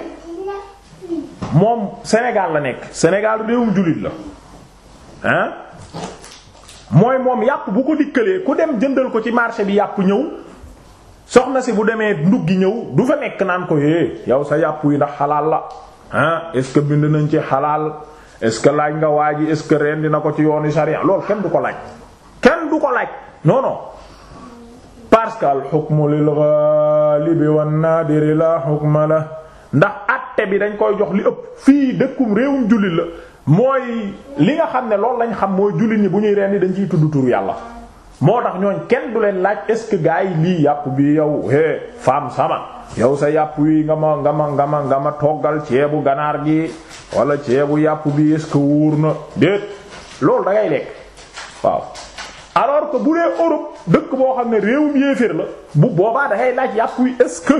moom Sénégal la nekk Sénégal réewum jullit la ah mooy moom yàpp bu ko dikkalee ku dem jëndal ko ci marché bi yàpp ñëw soxna si bu demee nduggi ñëw du fa nekk naan ko é eh, yow sa yàpp wi ndax xalaal la ah est bind nañ ci xalaal est-ce que laaj nga waa ji est-ce que ren dina ko ci yoonu sharia loolu kenn du ko laaj kenn du ko laaj non non parce que al hukmu lil ghalibi wan nadiri la hukma la ndax atte bi dañ koy jox li ëpp fii dëkkum réewum jullit la mooy li nga xam ne loolu lañ xam mooy jullit ñi bu ñuy rendi dañ ciy tudd tur yàlla moo tax ñooñ kenn du leen laaj est-ce que gars yi lii yàpp bii yow hé femme sama yow sa yàpp wi nga ma nga ma nga ma nga ma toggal ceebu ganaar gi wala ceebu yàpp bi est-ce que na déet loolu da ngay lekk waaw alors que bu dee Europe dëkk boo xam ne réewum yéeféer la bu boobaa da laaj yàpp wi est que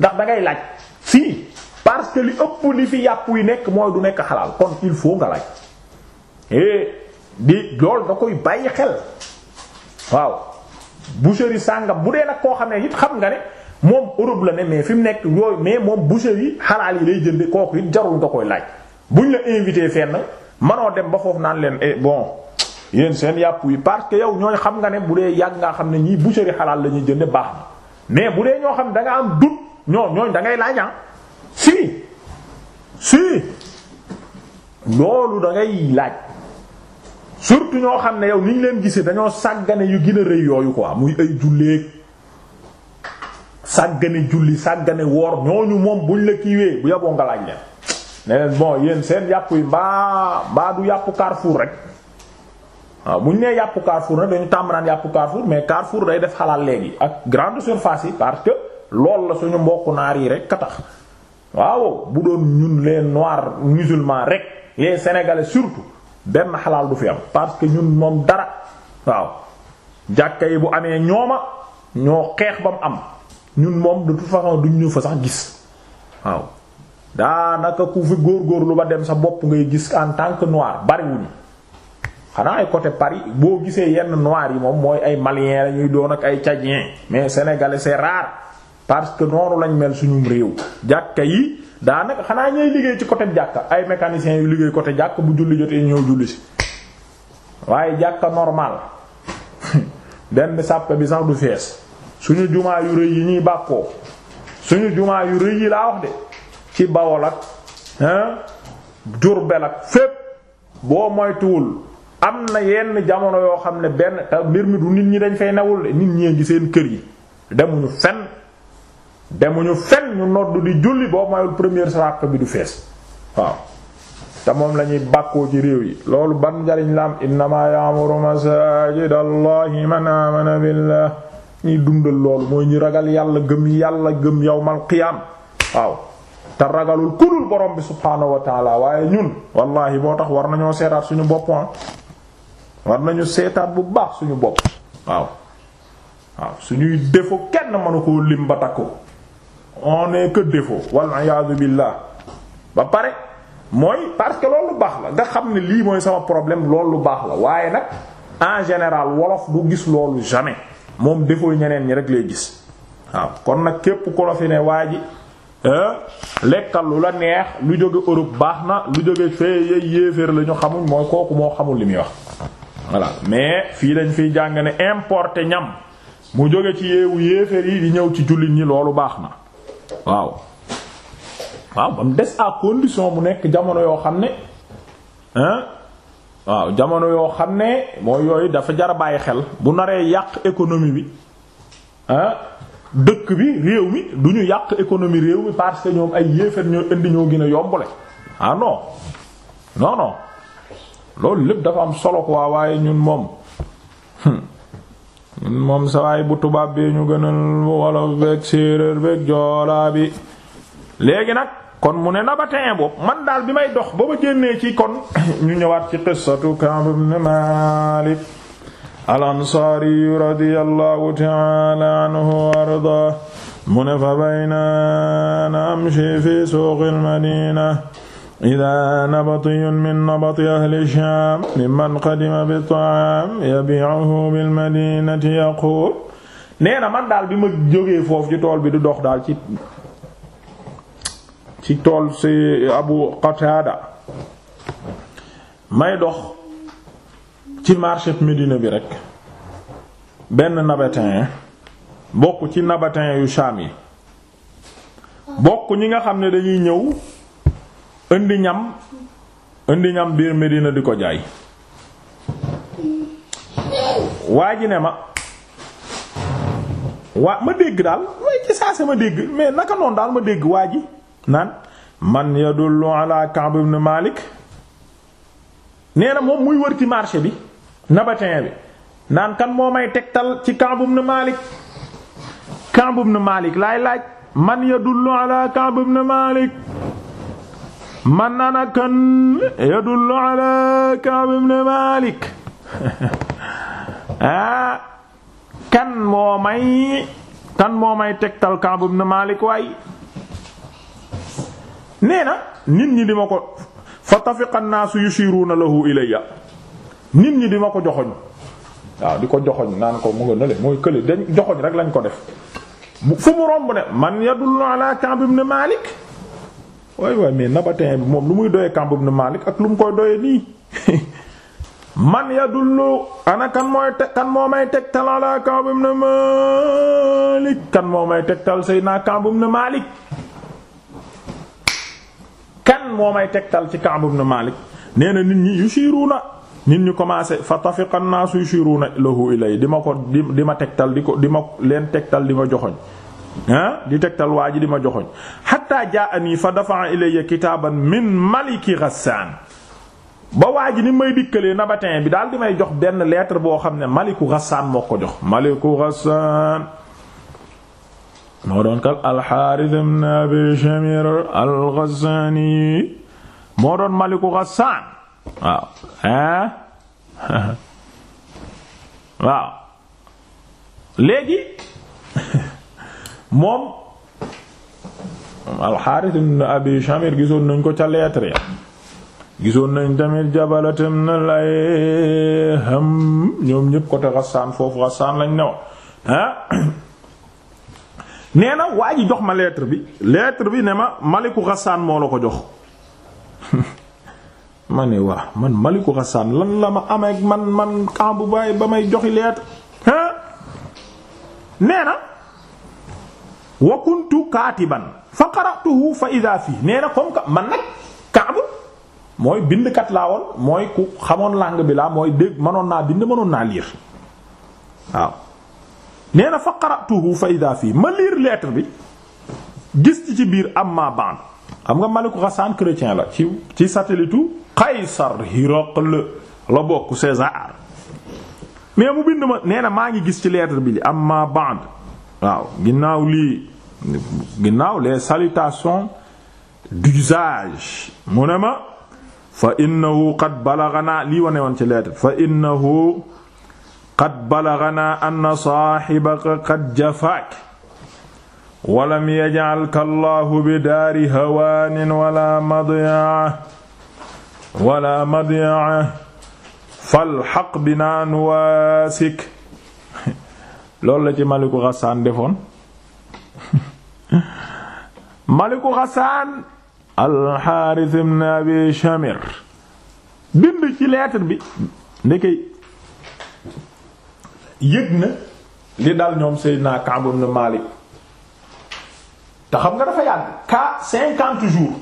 ndax da ngay laaj si parce que li ëpp li fi yàpp wi nekk mooy du nekk xalaal kon il faut nga laaj eh di da koy bàyyi xel. waaw boucherie sàngam bu dee nag koo xam ne it xam nga ne moom Europe la ne mais fi mu nekk yooyu mais moom boucherie xalaal yi lay jënde kooku it jarul nga koy laaj ñu la invité nag manoo dem ba foofu naan leen eh, bon yéen seen yàpp yi parce que yow ñooy xam nga ne bu dee yàgg ngaa xam ne ñii boucherie xalaal la ñuy jënde baax na mais bu dee ñoo xam ne da nga am doute ñoo ñooñ da ngay laaj ah. si loolu da ngay laaj surtout ñoo xam ne yow ni ñu leen gisee dañoo sàggane yu gën rëy yooyu ko muy ay julleeg sàggane julli sàggane woor ñooñu moom buñ la kiiwee bu yaboo nga laaj leen ne leen bon yéen seen yàpp yi mbaa mbaa du yàpp Carrefour rek waaw bu ñu nee yàpp Carrefour nag dañu tàmm naan yàpp Carrefour mais Carrefour day def xalaat léegi ak grande surface yi parce que lool la suñu mbokku naar yi rek ka tax waaw bu doon ñun les noirs musulmans rek les sénégalais surtout. benn xalaal du fi am parce que ñun moom dara waaw jàkka yi bu amee ñooma ñoo xeex ba mu am ñun moom de toute façon duñ ñu fa sax gis waaw daanaka ku fi lu ba dem sa bopp ngay gis en tant que noir bariwuñu xanaa ay côté Paris boo gisee yenn noir yi moom mooy ay malien la ñuy doon ak ay tchadien mais sénégalais c'est rare parce que noonu lañu mel suñu réew jàkka yi. daanaka xanaa ñooy liggéey ci côté jàkka ay mécaniciens yu liggéey côté jàkka bu julli jotee ñëw julli si waaye jàkka normal [LAUGHS] benn sàppe bi sax du fees suñu jumaa yu rëy yi ñuy bàkkoo suñu jumaa yu rëy yi laa wax de ci Bawol ak Jurbel ak fépp boo moytuwul am na yenn jamono yoo xam ne benn te mbir mi du nit ñi dañ fay newul de nit ñee ngi seen kër yi demuñu fenn demuñu fen ñu nodd di julli boo mayul première saraka bi du fees waaw te moom la ñuy bàkkoo ci réew yi loolu ban njariñ la am innama ya'muru masajid allahi man amana billah ñuy dundal loolu mooy ñu ragal yàlla gëm yàlla gëm yawmal qiyam waaw te ragalul kulul borom bi subhaanahu wa taala waaye ñun wallahi moo tax war nañoo seetaat suñu bopp ah. war nañu seetaat bu baax suñu bopp waaw waaw suñuy defo kenn mënu koo lim ba takku on est que défaut wal iyaadu billah ba pare mooy parce que loolu baax la nga xam ne lii mooy sama problème loolu lu baax la waaye nag en général wolof bu gis loolu jamais moom défaut yi ñeneen ñi rek lay gis waaw kon nag képp ku la fi ne waa ji lekkal lu la neex lu jóge Europe baax na lu jóge fee yey yéeféer la ñu xamuñ mooy kooku moo xamul li muy wax voilà mais fii dañ fiy jàng ne importer ñam mu jóge ci yeewu yéeféer yi di ñëw ci jullit ñi loolu baax na waaw waaw ba mu des à condition mu nekk jamono yoo xam ne hein waaw jamono yoo xam ne mooy yooyu dafa jar a bàyyi xel bu naree yàq économie bi hein dëkk bi réew mi du ñu yàq économie réew mi parce que ñoom ay yéefar ñoo indi ñoo gën a yombule ah non loolu lépp dafa am solo quoi waaye ñun moom. Hmm. moom sawaay bu tubaab bi ñu gënal wolof beeg séeréer beeg joolaa bi léegi nag kon mu ne na nabatin boobu man daal bi may dox ba ma génnee ci kon [COUGHS] ñu ñëwaat ci qissatu Ka'b ibn Malik al-Ansari radiyallahu ta'ala anhu wa arda mu ne fa bayna ana amshi fi suuqil madina ida nabatiyun min nabati ahli Shaam mimman qadima bi ta'aam yabi'uhu bil madinati yaqul nee man daal bi ma jógee foofu ci tool bi du dox daal ci ci tool si Abu Qatada may dox ci marché Médina bi rek benn nabatin bokk ci nabatin yu Shaam yi bokk ñi nga xam ne dañuy ñëw indi ñam indi ñam biir Medina di ko jaay waa ji ne ma waa ma dégg daal way ci saa si ma dégg mais naka noonu daal ma dégg waa ji naan man yadullu ala Ka'b ibn Malik nee na moom muy wër ci marché bi nabatin bi naan kan moo may tegtal ci Ka'b ibn Malik Ka'b ibn Malik laay laaj man yadullu ala Ka'b ibn Malik man ana kan yadullu ala Ka'b ibn Malik [LAUGHS] ah kan moo may kan moo may tegtal Ka'b ibn Malik waay nee na nit ñi di ma ko fa tafiqa an-naasu yushiruuna lahu ilayya nit ñi di ma ko joxoñ waaw di ko joxoñ naan ko mu nga nele mooy kële dañ joxoñ rek lañ ko def fu mu romb ne man yadullu ala Ka'b ibn Malik waay waay mais nabatin bi moom lu muy doyee Kamb ibn Malik ak lu mu koy doyee nii [LAUGHS] man yadullu ana kan mooy te kan moo may tegtal ala Kamb ibn Malik kan moo may tegtal Seydina Kamb ibn Malik kan moo may tegtal ci Kamb ibn nee na nit ñi yushiruna nit ñu commencé fa tafiqa an-naas yushiruna lahu di ma ko di ma tegtal di ko di ma leen tegtal di ma joxoñ ah di tegtal waa ji di ma joxoñ xatta jaa'anii fa dafa'a ilayya kitaaban min maliki Ghassaan ba waa ni may dikkalee nabatin bi daal di may jox benn lettre boo xam ne maliku Ghassaan moo ko jox maliku Ghassaan moo doon kal al-Haaris ibn Abi Shamir al-Ghassaani moo doon maliku Ghassaan waaw ah [LAUGHS] waaw [LAUGHS] moom alxaaris ibn abi shamir gisoon nañ ko ca lettre gisoon nañ tamit jabalatam na lay ham ñoom ñëpp côté Ghassan foofu Ghassan lañ ne wa ah nee na waa ji jox ma lettre bi lettre bi ne ma maliku Ghassan moo la ko jox [LAUGHS] ma ne waa man maliku Ghassan lan la ma amee man man bu baay ba may joxi lettre ah nee na wa kuntu kaatiban fa qara'tuhu fa idha fii nee na man nag Kaab mooy bindkat laa woon mooy ku xamoon langue bi laa mooy dégg mënoon naa bind mënoon naa liir waaw nee na fa qara'tuhu fa idha ma liir lettre bi gis ci ci biir amma ba'd xam nga maliku Ghassan chrétien la ci ci satellite u Qaysar Hiraql la bokk César mais mu bind ma nee maa ngi gis ci lettre bi li amma ba'd waaw ginnaaw lii ginnaaw les salutations d'usage mu ne ma fa innahu qad balaghana lii wane woon ci lettre fa innahu qad balaghana anna sahibaka qad jafaak walam yaj'alka allahu bi daari hawaanin wala madya'a wala madya'a falhaq bina nuwaasik loolu la ci maliku xasaan defoon [LAUGHS] maliku xasaan alxaaris ibn abi shamir bind ci lettre bi ndekey yëg na li dal ñoom Seydina Ka'b ibn Malik te xam nga dafa yàgg ka cinquante jours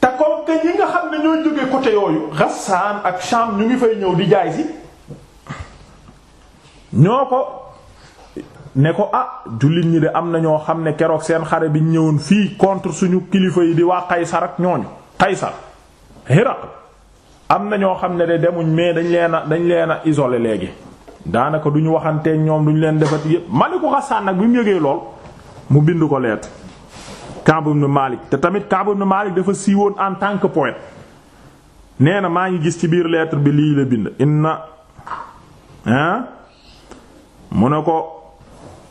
te comme nga xam ne ñoo jóge côté yooyu Ghassan ak Sham ñu ngi fay ñëw di jaay si ñoo ko ne ko ah jullit ñi de am na ñoo xam ne keroog seen xare bi ñëwoon fii contre suñu kilifa yi di waa Qaysar ak ñooñu Qaysar Hiraq am na ñoo xam ne de demuñ mais dañ leen dañ leen a isolé léegi daanaka duñu waxanteeg ñoom duñu leen defati yépp Maliku Ghassan nag bi mu yëgee lool mu bind ko leet Ka'b ibn Malik te tamit Ka'b ibn Malik dafa siiwoon en tant que poète nee na maa ngi gis ci biir lettre bi lii la bind inna hein mu ne ko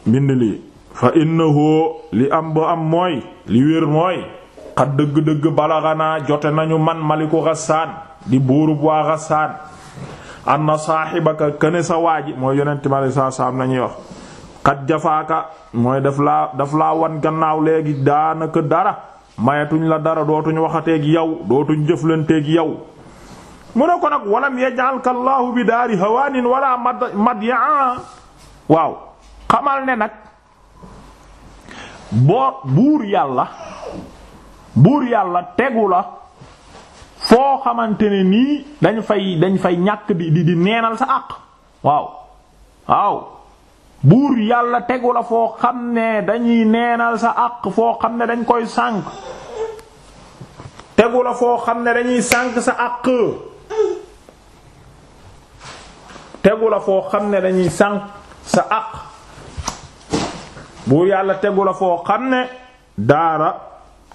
bind lii fa innahu li am ba am mooy li wér mooy xat dëgg-dëgg balaxanaa jote nañu man maliku Ghassan di buurub waa Ghassan anna saaxibaka këne sa waaji mooy yonent mali saa saam nañuy wax xat jafaaka mooy daf laa daf laa wan gannaaw léegi daanaka dara mayetuñ la dara dootuñu waxateeg yow dootuñ jëflanteeg yow mu ne ko nag walam yajalka Allahu bi daari hawaanin wala mad mad yaa waaw xamal ne nag boo buur yàlla buur yàlla tegu la foo xamante ne nii dañ fay dañ fay ñàkk di di di neenal sa àq waaw waaw buur yàlla tegu la foo xam ne dañuy neenal sa àq foo xam ne dañ koy sànk tegu la foo xam ne dañuy sànk sa àq tegu la foo xam ne dañuy sànk sa àq buur yàlla tegu la foo xam ne daara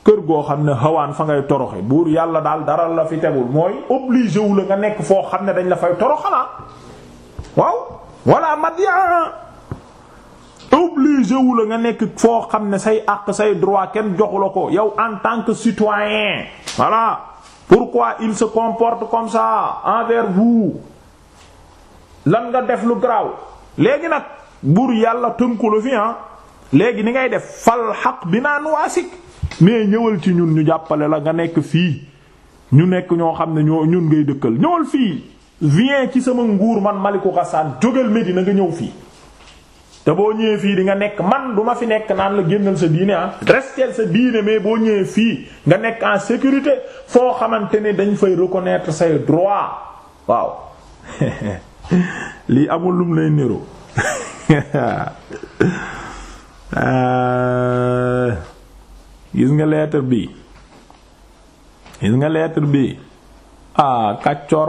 kër goo xam ne hawaan fa ngay toroxe buur yàlla daal dara la fi tegul mooy obligé wu la nga nekk foo xam ne dañ la fay toroxalaa waaw walla mat obligé wu nga nekk foo xam ne say àq say droit kenn joxu la ko yow en tant que citoyen voilà pourquoi il se comporte comme ça envers vous lan nga def lu grave léegi nag buur yàlla tënku la fi ah léegi ni ngay def fal xaq bi naan waasik mais ñëwal ci ñun ñu jàppale la nga nekk fii ñu nekk ñoo xam ne ñun ngay dëkkal ñëwal fii viens ci sama nguur man maliku xasaan jógal Medina nga ñëw fii te boo ñëwee fii di nga nekk man du ma fi nekk naan la génnal sa diine ah resteel sa diine mais boo ñëwee fii nga nekk en sécurité foo xamante ne dañ fay reconnaître say droits waaw [LAUGHS] lii amul lum lay niroo eh, gis nga lettre bi gis nga lettre bi ah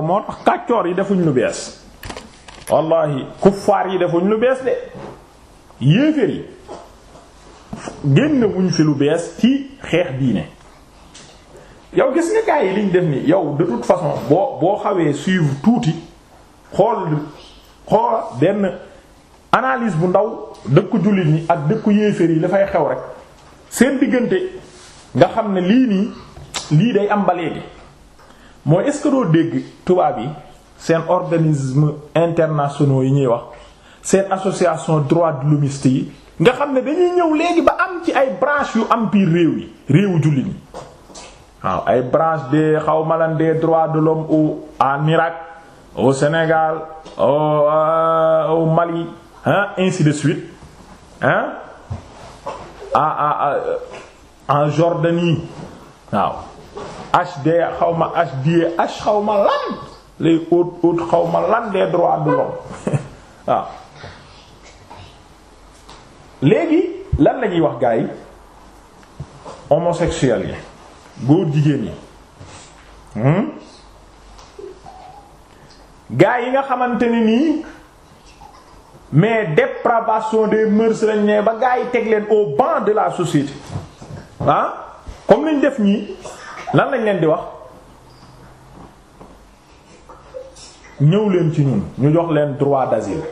moo tax kàccoor yi defuñ lu bees wallahi kuffaar yi defuñ lu bees de yéeféer génn wuñ fi lu bees ci xeex diine yow gis nga gaa liñ def ni yow de toute façon boo boo xawee suivre tuuti xool xoola benn bu ndaw dëkku jullit yi ak dëkku yéeféer yi dafay xew rek seen diggante nga xam ne lii nii lii day am ba léegi mooy est-ce que doo dégg tubaab yi seen organisme internationaux yi ñuy wax seen association droit de l'hommiste yi nga xam ne dañuy ñëw léegi ba am ci ay branche yu am réew yi réewu jullit ñi waaw ay branche des xaw ma lan des droits de l'homme au en Irak au Sénégal au, euh, au Mali hein ainsi de suite hein à, a à en Jordanie waaw HD xawma HDH xawma lan les hautes hautes xawma lan des droits de l'homme [LAUGHS] waaw léegi lan la wax gars yi homosexuels yi góor jigéen yi hmm? gaa yi nga xamante ni nii mais dépravation des mœurs lañ ne ba gaa yi teg leen au banc de la société ah comme niñ def ñii lan lañ leen di wax ñëw leen ci ñun ñu jox leen droit d'asile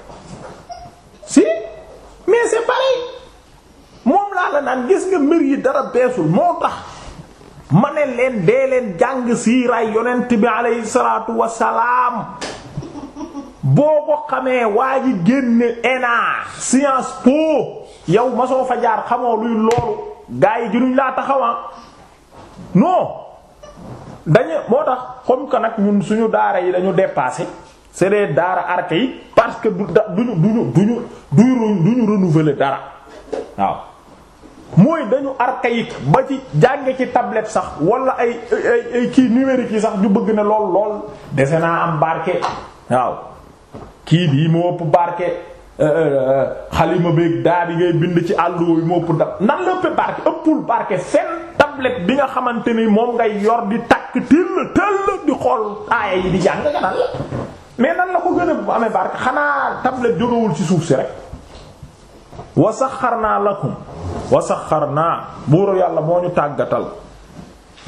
si mais c'est pareil moom laa la naan gis nga mbir yi dara beesul moo tax ma ne leen dee leen jàng siiraay yonent bi aleyhi salaatu wassalaam boo ko xamee waa ji génne ENA science po yow ma soo fa jaar xamoo luy loolu gaa yi junuñ laa taxawaan ah. non dañu moo tax comme que nag ñun suñu daara yi dañu dépassé c'est des daara archaïques parce que du duñu duñu duñu duñu duñu dara waaw mooy dañu archaïque ba ci jànge ci tablette sax walla ay ay ay kii numérique yi sax ñu bëgg na lool lool dese naa am barke waaw kii bii moo ëpp barke euh, euh, euh, xalima beeg daa ngay bind ci àll wooyu moo ëpp dab nan la barke ëppul barke seen tablette bi nga xamante ni moom ngay yor di takk tëll tëll di xool aaya yi di jàng nga nan la mais nan la ko gën a barke xanaa tablette jógawul ci suuf si rek wa saxarnaa lakum wa saxarnaa buuru yàlla moo ñu tàggatal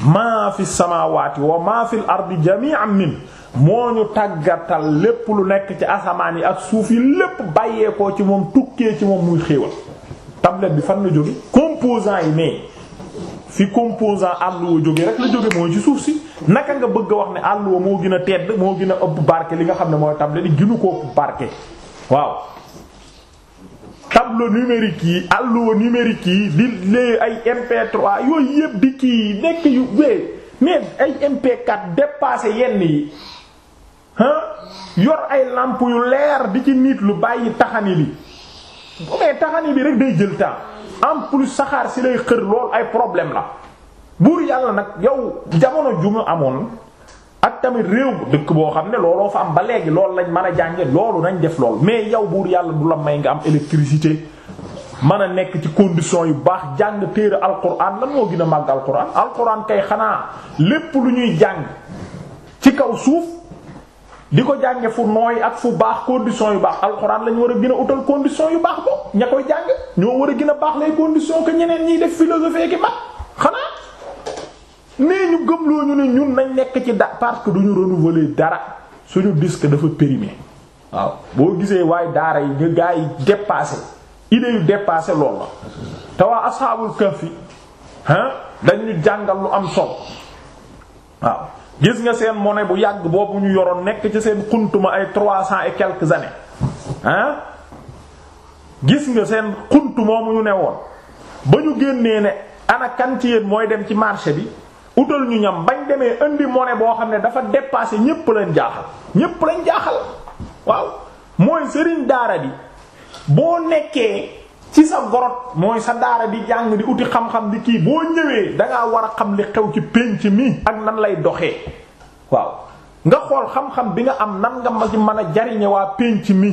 maa fi samaawaati wa maa fil ardi jami'an min moo ñu tàggatal lépp lu nekk ci asamaan yi ak suuf yi lépp bàyyeekoo ci moom tukkee ci moom muy xéewal tablette bi fan la jóge composant yi mais fi composant àlluwa jóge rek la jóge mooy ci suuf si naka nga bëgg a wax ne àlluwa moo gën a tedd moo gën a ëpp barke li nga xam ne mooy tablette yi ginu ko ëpp barke waaw tableau numérique yi àlluwa numérique yi di lee ay MP3 yooyu yëpp di kii nekk yu wee mais ay MP4 dépassé yenn yi yor ay lamp yu leer di ci nit lu bàyyi taxani bi mais taxani bi rek day jël temps en plus saxaar si lay xër lool ay problème la buur yàlla nag yow jamono ju mu amoon ak tamit réew bu dëkk boo xam ne looloo fa am ba léegi loolu lañ mën a jànge loolu nañ def lool mais yow buur yàlla du la may nga am électricité mën a nekk ci condition yu baax jàng téere alquran lan moo gën a màgg alquran alquran kay xanaa lépp lu ñuy jàng ci kaw suuf di ko jànge fu nooy ak fu baax condition yu baax alxuraan lañu war a gën a utal condition yu baax boobu ña koy jàng ñoo war a gën a baax lay condition que ñeneen ñiy def philosophie ki mag xanaa mais ñu gëmloo ñu ne ñun nañ nekk ci da parce que ronu renouveler dara suñu disque dafa périmé waaw boo gisee waaye daara yi nga gaa yi dépassé idée yu dépassé lool la te waa ashabul kahfi dañ ñu jàngal lu am solo waaw gis nga seen monnaie bu yàgg boobu ñu yoroon nekk ci seen xuntuma ay trois cent et quelques années hein gis nga seen xunt moomu ñu ne woon ba ñu génnee ne ana mooy dem ci marché bi utal ñu ñam bañ demee indi monnaie boo xam ne dafa dépassé ñépp leen jaaxal ñépp lañ jaaxal waaw mooy sëriñ daara bi boo nekkee ci sa gorot mooy sa daara di jàng di uti xam-xam di kii boo ñëwee dangaa war a xam li xew ci pénc mi ak nan lay doxee waaw nga xool xam-xam bi nga am nan nga ma ci mën a jariñe waa pénc mi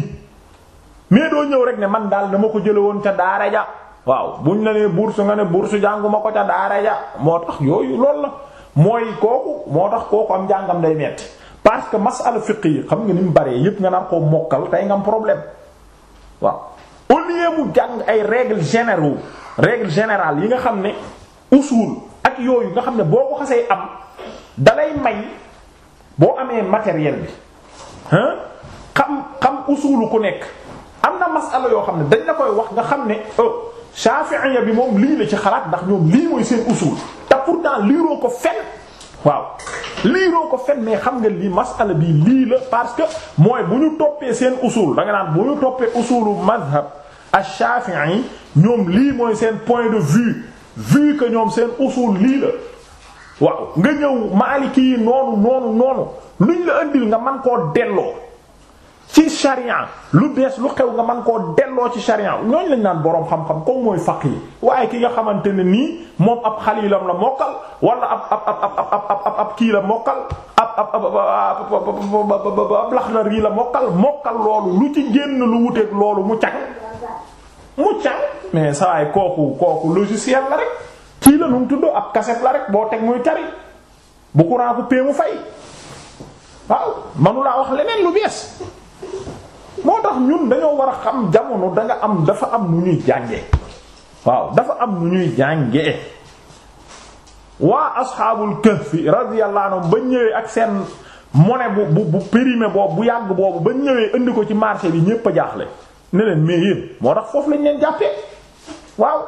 mais doo ñëw rek ne man daal dama ko jële woon ca daara ja waaw buñ la nee bourse nga ne bourse jànguma ko ca daara ja moo tax yooyu loolu la mooy kooku moo tax kooku am njàngam day metti parce que masala fiqh yi xam nga ni mu bëree yépp nga naan koo mokkal tey nga am problème waaw au lieu mu jàng ay règles généraux règles générales yi nga xam ne usul ak yooyu nga xam ne boo ko xasee am dalay may boo amee matériel bi hein xam xam usulu ku nekk am na masala yoo xam ne dañ na koy wax nga xam ne oh Shafi'iyya bi moom lii la ci xalaat ndax ñoom lii mooy seen usul te pourtant liiroo ko fenn waaw liiroo ko fen mais xam nga lii masala bi lii la parce que mooy bu ñu toppee seen usul da nga naan bu ñu toppee usulu madhab ash-shafi'i ñoom lii mooy seen point de vue vu que ñoom seen usul lii la waaw nga ñëw maliki yi noonu noonu noonu luñ la indil nga man koo delloo ci sharia lu bees lu xew nga man koo delloo ci sharia ñooñ lañ naan boroom xam-xam ko mooy faqih waaye ki nga xamante ne nii moom ab xalilam la mokkal wala ab ab ab ab ab kii la mokkal ab ab ab yi la mokkal mokkal loolu lu ci génn lu wuteeg loolu mu cag mu cag mais sawaay kooku kooku logiciel la rek kii la nu tudd ab kaset la rek boo teg muy tari bu courant bu mu fay waaw manulaa wax leneen lu bees moo tax ñun dañoo war a xam jamono da am dafa am nu ñuy jànge waaw dafa am nu ñuy jànge waa asxaabul kahfi radiyallahu anhum ba ñëwee ak seen monnaie bu bu bu périmé bu yàgg boobu ba ñëwee indi ko ci marché bi ñépp a jaaxle ne leen yéen moo tax foofu lañ leen jàppee waaw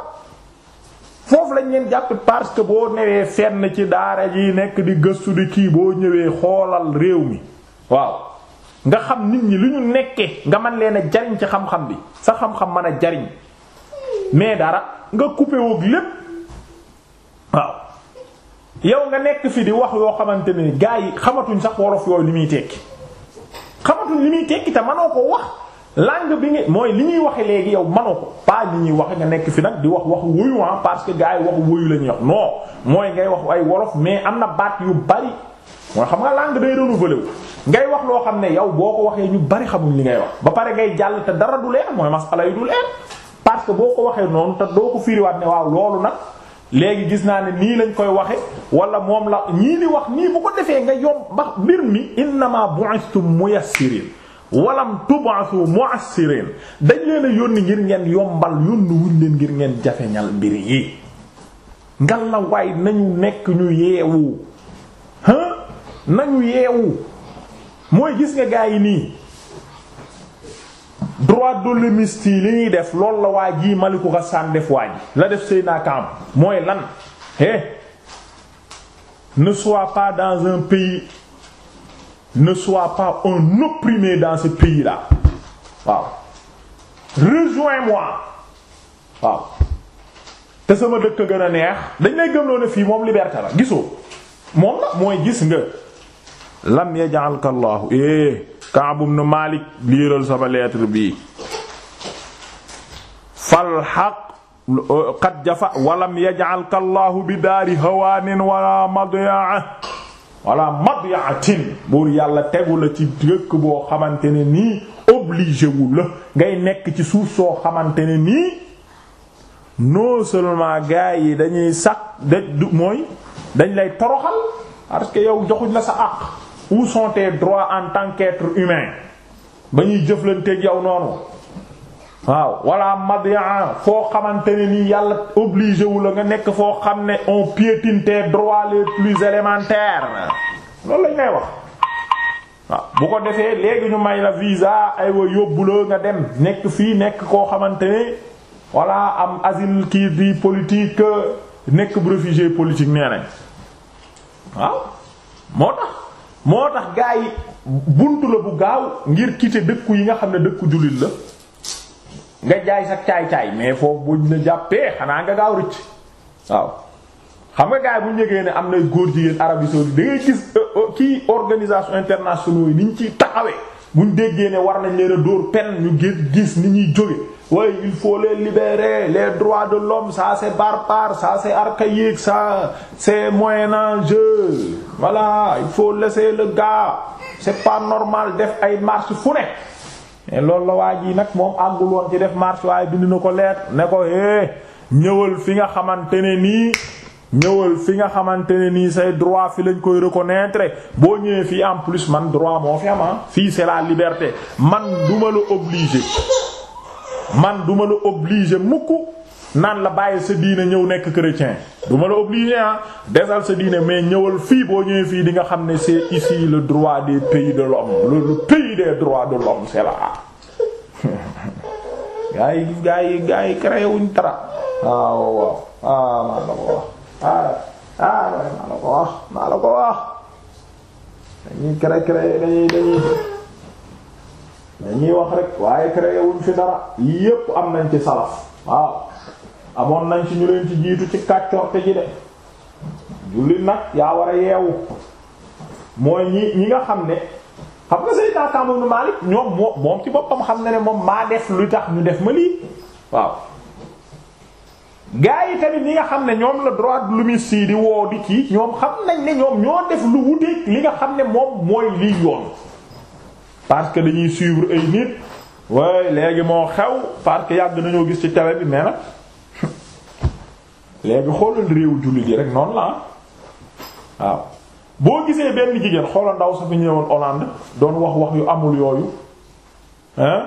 foofu lañ leen jàppe parce que boo newee fenn ci daara ji nekk di gëstu di kii boo ñëwee xoolal réew mi waaw nga xam nit ñi lu ñu nekkee nga man leen a jariñ ci xam-xam bi sa xam-xam mën a jariñ mais dara nga coupé woog lépp waaw yow nga nekk fi di wax yoo xamante ne gaa yi xamatuñ sax wolof yooyu lu muy tekki xamatuñ li muy tekki te manoo ko wax langue bi nga mooy li ñuy waxe léegi yow manoo ko pas li ñuy wax nga nekk fi nag di wax wax wuyu ah parce que gaa yi wax wuyu la ñuy wax mooy ngay wax ay wolof mais am na baat yu bari mooy xam nga langue day renouvelé wu ngay wax loo xam ne yow boo ko waxee ñu bari xamuñ li ngay wax ba pare ngay jàll te dara du leer mooy masala yu du leer parce que boo ko waxee noonu te doo ko firiwaat ne waaw loolu nag léegi gis naa ne nii lañ koy waxe wala moom la ñii di wax nii bu ko defee nga yom ba mbir mi innama bu'istum muyassirin walam tub'asu mu'assirin dañ leen a yónni ngir ngeen yombal yónni wuñ leen ngir ngeen jafeñal mbir yi ngal la waay nañu nekk ñu yeewu nañu yeewu mooy gis nga gaa yi nii droit de l'homiste li ñuy def loolu la waa jii Maliku Ghassan def waa la def Seyna Kaam mooy lan eh ne sois pas dans un pays ne sois pas un opprimé dans ce pays-là waaw rejoins-moi waaw te sama dëkk gën a neex dañ lay gëm loo fii moom liberté la gisoo moom la mooy gis nga lam yaj'alka Allahu eh Ka'b ibn Malik liiral sama lettre bii fal haqq qad jafa walam yaj'alka Allahu bi daari hawaanin wala madya'a wala madya'atin buur yàlla tegu la ci dëkk boo xamante ni nii obligé wu la ngay nekk ci suuf soo xamante ne nii non seulement yi dañuy sax de mooy dañ lay toroxal parce que joxuñ la sa àq où sont tes en tant qu'être humain ba ñuy jëflanteeg yow noonu waaw walla madian foo xamante ne nii yàlla obligé wu nga nekk foo xam ne on piétine tes droits les plus élémentaires loolu lañ ngay wax waaw bu ko defee léegi ñu may la visa aywa yóbbu la nga dem nekk fii nekk koo xamante ne walla am asile kii di politique nekk bu réfugié politique waaw moo tax moo tax gaa yi buntu la bu gaaw ngir quitter dëkku yi nga xam ne dëkku jullit la nga jaay sa caay-caay mais foofu buñ la jàppee xanaa nga gaaw rëcc waaw xam nga gaa yi bu yëgee ne am nay góor jigéen Arabie saoudite da gis euh, euh, kii organisation internationaux yi niñ ciy taxawee buñ déggee ne war nañ leen a dóor peine ñu gis gis ni ñuy jóge waaye il faut les libérer les droits de l'homme ça c'est barbare ça c'est archaïque ça c'est moyen âge voilà il faut laisser le gars c'est pas normal def ay marche fu ne mais la waa ji nag moom àggul woon ci def marche waaye bind na ko leet ne ko é eh, ñëwal fi nga xamante ne nii ñëwal fi nga xamante ne nii say droit fi lañ koy reconnaître boo ñëwee fii en plus man droit moo fi am ah. fii c'est la liberté man duma la obligé man duma la obligé mukk naan la bàyyil sa diine ñëw nekk chrétien duma la obligé ah desal sa diine mais ñëwal fii boo ñëwee fii di nga xam ne c'est ici le droit des pays de l'homme le pays des droits de l'homme c'est là [LAUGHS] gaa yi gaa yi ah, waaw waaw waaw ah, la ko wax ah ah maa la ko wax maa la ko wax dañuy créé créé dañuy dañuy dañuy wax rek waaye créé wuñ fi dara yépp am nañ ci salaf waaw amoon nañ ci ñu leen ci jiitu ci kàccorte ji de jullit nag yaa war a yeewu mooy ñi ñi nga xam ne xam nga Sayyidina Ka'b ibn Malik ñoom moom ci boppam xam na ne moom maa def lu tax ñu def ma lii waaw gaa yi tamit ñi nga xam ne ñoom la droit lu mu sii di woo di kii ñoom xam nañ ne ñoom ñoo def lu wuteek li nga xam ne moom mooy liy yoon parce que dañuy suivre ay nit waaye léegi moo xew parce que yàgg nañoo gis ci télé bi mais nag léegi xoolal réew jullit yi rek noonu la ah. waaw boo gisee benn jigéen xoola ndaw sa fi ñëwoon Hollande doon wax wax yu amul yooyu hein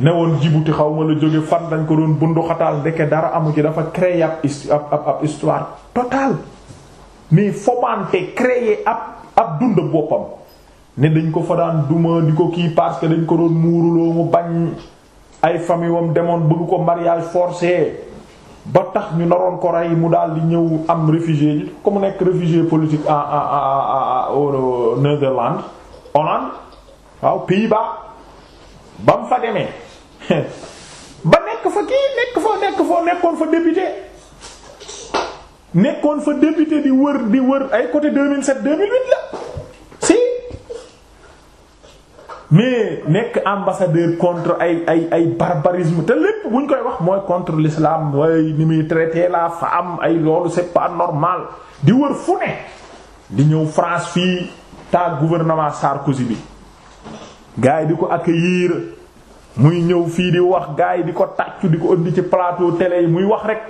ne woon Djibouti xaw ma la jóge fan dañ ko doon bunduxataal ndeke dara amu ci dafa créer ab ab ab histoire totale mais fomenter créer ab ab dund boppam ne dañ ko fa daan duma di ko kii parce que dañ ko doon muuruloo mu bañ ay famille wam demoon bëgg ko mariage forcé ba tax ñu naroon ko rey mu daal di ñëw am réfugié ji ko mu nekk réfugié politique à à Netherlands Hollande waaw Pays-Bas ba mu fa demee ba nekk fa kii nekk fa nekk fa nekkoon fa député nekkoon fa député di wër di wër ay côté 2007 2008 la si mais nekk ambassadeur contre ay ay ay barbarisme te lépp buñ koy wax mooy contre l'islam waaye ni muy traité la femme ay loolu c'est pas normal di wër fu ne di ñëw France fii ta gouvernement Sarkozy bi gars yi ko accueillir muy ñëw fii di wax gaa yi di ko tàccu di ko ëndi ci plateau télé yi muy wax rek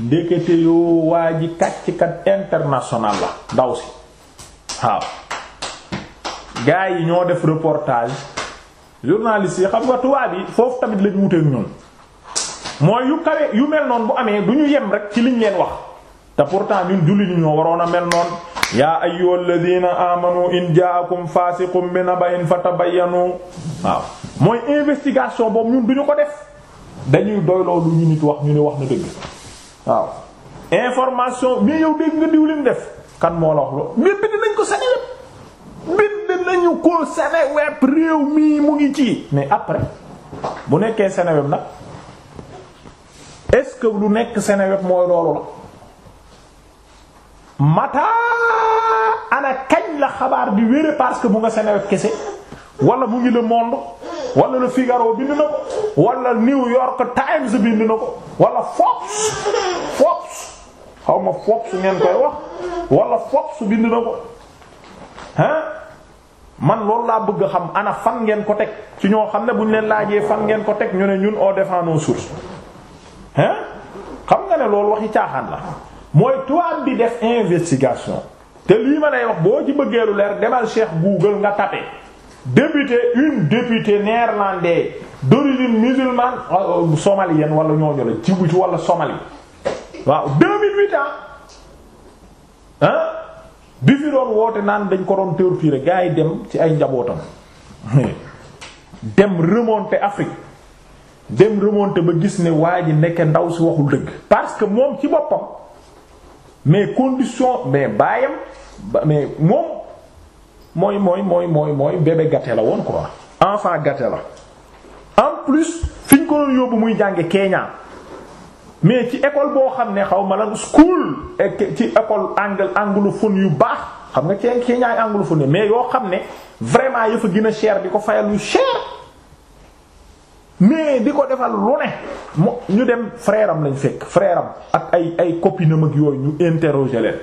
ndekete yoo waa ji kàcc kat international la ndaw si waaw gaay yi ñoo def reportage journaliste yi xam nga tubaab yi foofu tamit lañ wuteek ñun mooy yu kawe yu mel noonu bu amee du ñu yem rek ci liñ leen wax te pourtant ñun jullit ñu ñoo waroon a mel noonu yaa ayyuhal ladina amanu in jaakum fasiqun bi naba'in fatabayyanu waaw mooy investigation boobu ñun duñu ko def dañuy doy ñu nit wax ñu ne wax na dëgg waaw information mais yow dégg nga diw def kan moo la wax loolu mais bind nañ ko sene web bind nañu ko sene réew mii mu ngi ci mais après bu nekkee sene nag est-ce que lu nekk sene mooy loolu la mata ana kañ la xabaar bi wére parce que mu nga Seneweb kese wala mu ngi Le Monde wala Le Figaro bind na ko wala New York Times bind na ko wala Fox Fox xaw ma Fox ngeen koy wax wala Fox bind na ko hein man loolu laa bëgg a xam ana fan ngeen ko teg ci ñoo xam ne bu ñu leen laajee fan ngeen ko teg ñu ne ñun on défend nos sources hein xam nga ne loolu waxi caaxaan la mooy tubaab bi def investigation te lii ma lay wax boo ci bëggee lu leer demal cheikh Google nga tapé député une députée néerlandaise d'origine musulmane euh, somalienne wala ñooñu la Djibouti wala Somalie waaw 2008 ans ah bi fi doon woote naan dañ ko doon torturer gaa yi dem ci ay njabootam dem remonter Afrique dem remonter ba gis ne waa ji nekk ndaw si waxul dëgg parce que moom ci boppam. mais condition mais baayam mais moom mooy mooy mooy mooy mooy bébé gâté la woon quoi enfant gâté la en plus fi ñu ko doon yóbbu muy jànge Kenya mais ci école boo xam ne xaw ma la school ci école angle anglophone yu baax xam nga Kenya ay anglophone mais yoo xam ne vraiment yëfa gën a cher bi ko fayal lu cher mais di ko defal lu ne mo ñu dem frère lañ fekk freeram ak ay ay copinam ak yooyu ñu interroger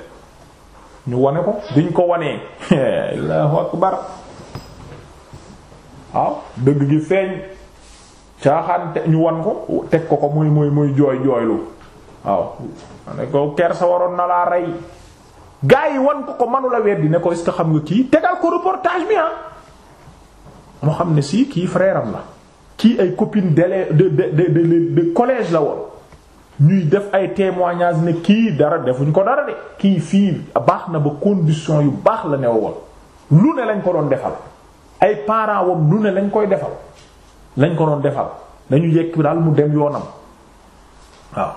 ñu wone ko diñ ko wanee [LAUGHS] allahu akbar waaw dëgg gi feeñ caaxaan wan ko teg ko ko muy muy muy jooy jooylu waaw ko ker waroon na laa rey gaa yi wan ko ko manula weddi ne ko est xam nga kii tegal ko reportage bi ah moo xam ne sii kii freeram la kii ay copines de de de de collège la woon ñuy def ay témoignages ne kii dara defuñ ko dara de kii fii baax na ba condition yu baax la ne woon lu ne lañ ko doon defal ay parent wam lu ne lañ koy defal lañ ko doon defal dañu jekk daal mu dem yoonam waaw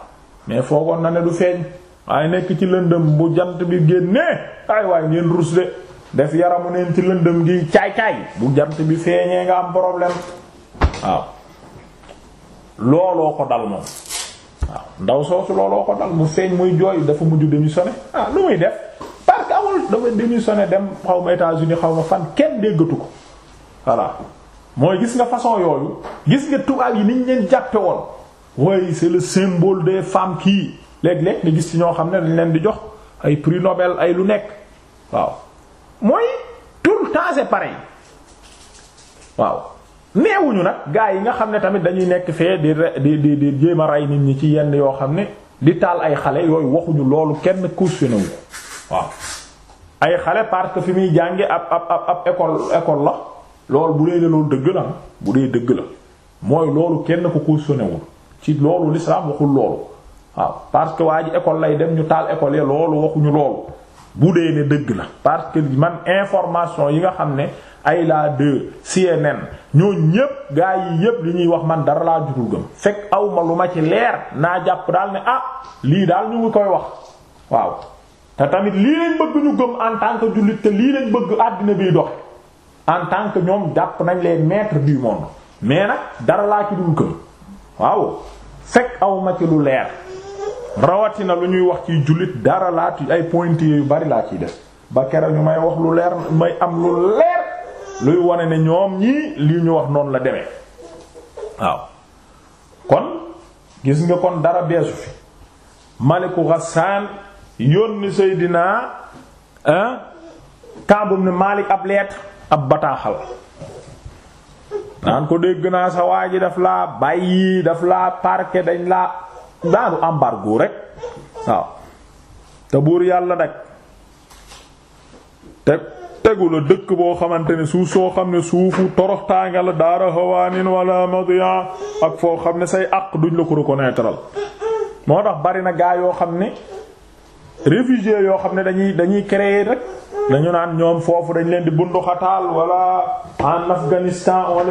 mais foogoon na ne du feeñ waaye nekk ci lëndëm bu jant bi génnee ay waaye ngeen rus de def yaramu neen ci lëndëm gi caay caay bu jant bi feeñee nga am problème waaw looloo ko dal moom waaw ndaw soosu looloo ko dal mu feeñ muy jooy dafa mujj démissionné ah lu muy def parce que amul dafa démissionné dem xaw ma États-Unis xaw ma fan kenn déggatu ko voilà mooy gis nga façon yooyu gis nga tubaab yi niñ leen jàppe woon waaye c'est le symbole de femmes kii léeg-léeg nga gis ci ñoo xam ne dañ leen di jox ay prix Nobel ay lu nekk waaw mooy tout le temps c'est waaw neewuñu nag gaa yi nga xam ne tamit dañuy nekk fee di di di di jéem a nit ñi ci yenn yoo xam ne di taal ay xale yooyu waxuñu loolu kenn cautionné wu ko waaw ay xale parce que fi muy jànge ab ab ab ab école école la loolu bu dee ne loolu dëgg la bu dee dëgg la mooy loolu kenn ko cautionné wul ci loolu l'islam waxul loolu waaw parce que waa ji école lay dem ñu taal école ya loolu waxuñu loolu bu dee ne dëgg la parce que man information yi nga xam ne ay la de CNN ñoo ñépp gaa yi yépp li ñuy wax man dara laa jutul gëm fekk awma lu ma ci leer naa jàpp daal ne ah lii daal ñu ngi koy wax waaw te tamit lii lañ bëgg ñu gëm en tant que jullit te lii lañ bëgg àddina biy doxe en tant que ñoom jàpp nañ leen maîtres du moom mais na dara laa ci dul gëm waaw fekk awma ci lu leer rawatina lu ñuy wax ci jullit dara laa ay pointillés yu bari laa ciy def ba keroog ñu may wax lu leer may am lu leer luy wane ne ñoom ñii li ñu wax noonu la deme waaw kon gis nga kon dara beesu fi maliku Ghassan yónni Seydina ah Kaab ibn Malik ab leet ab bataaxal naan ko dégg naa sa waa ji daf laa bàyyi daf laa parqué dañ laa daanu embargo rek waaw te buur yàlla nag te tegu dëkk boo xamante ne suuf soo xam ne suufu toroxtaanga la daara hawaanin wala madian ak foo xam ne say àq duñ la ko reconnaître moo tax bari na gaa yoo xam ne réfugiés yoo xam ne dañuy dañuy créer rek dañu naan ñoom foofu dañ leen di bunduxataal wala en Afghanistan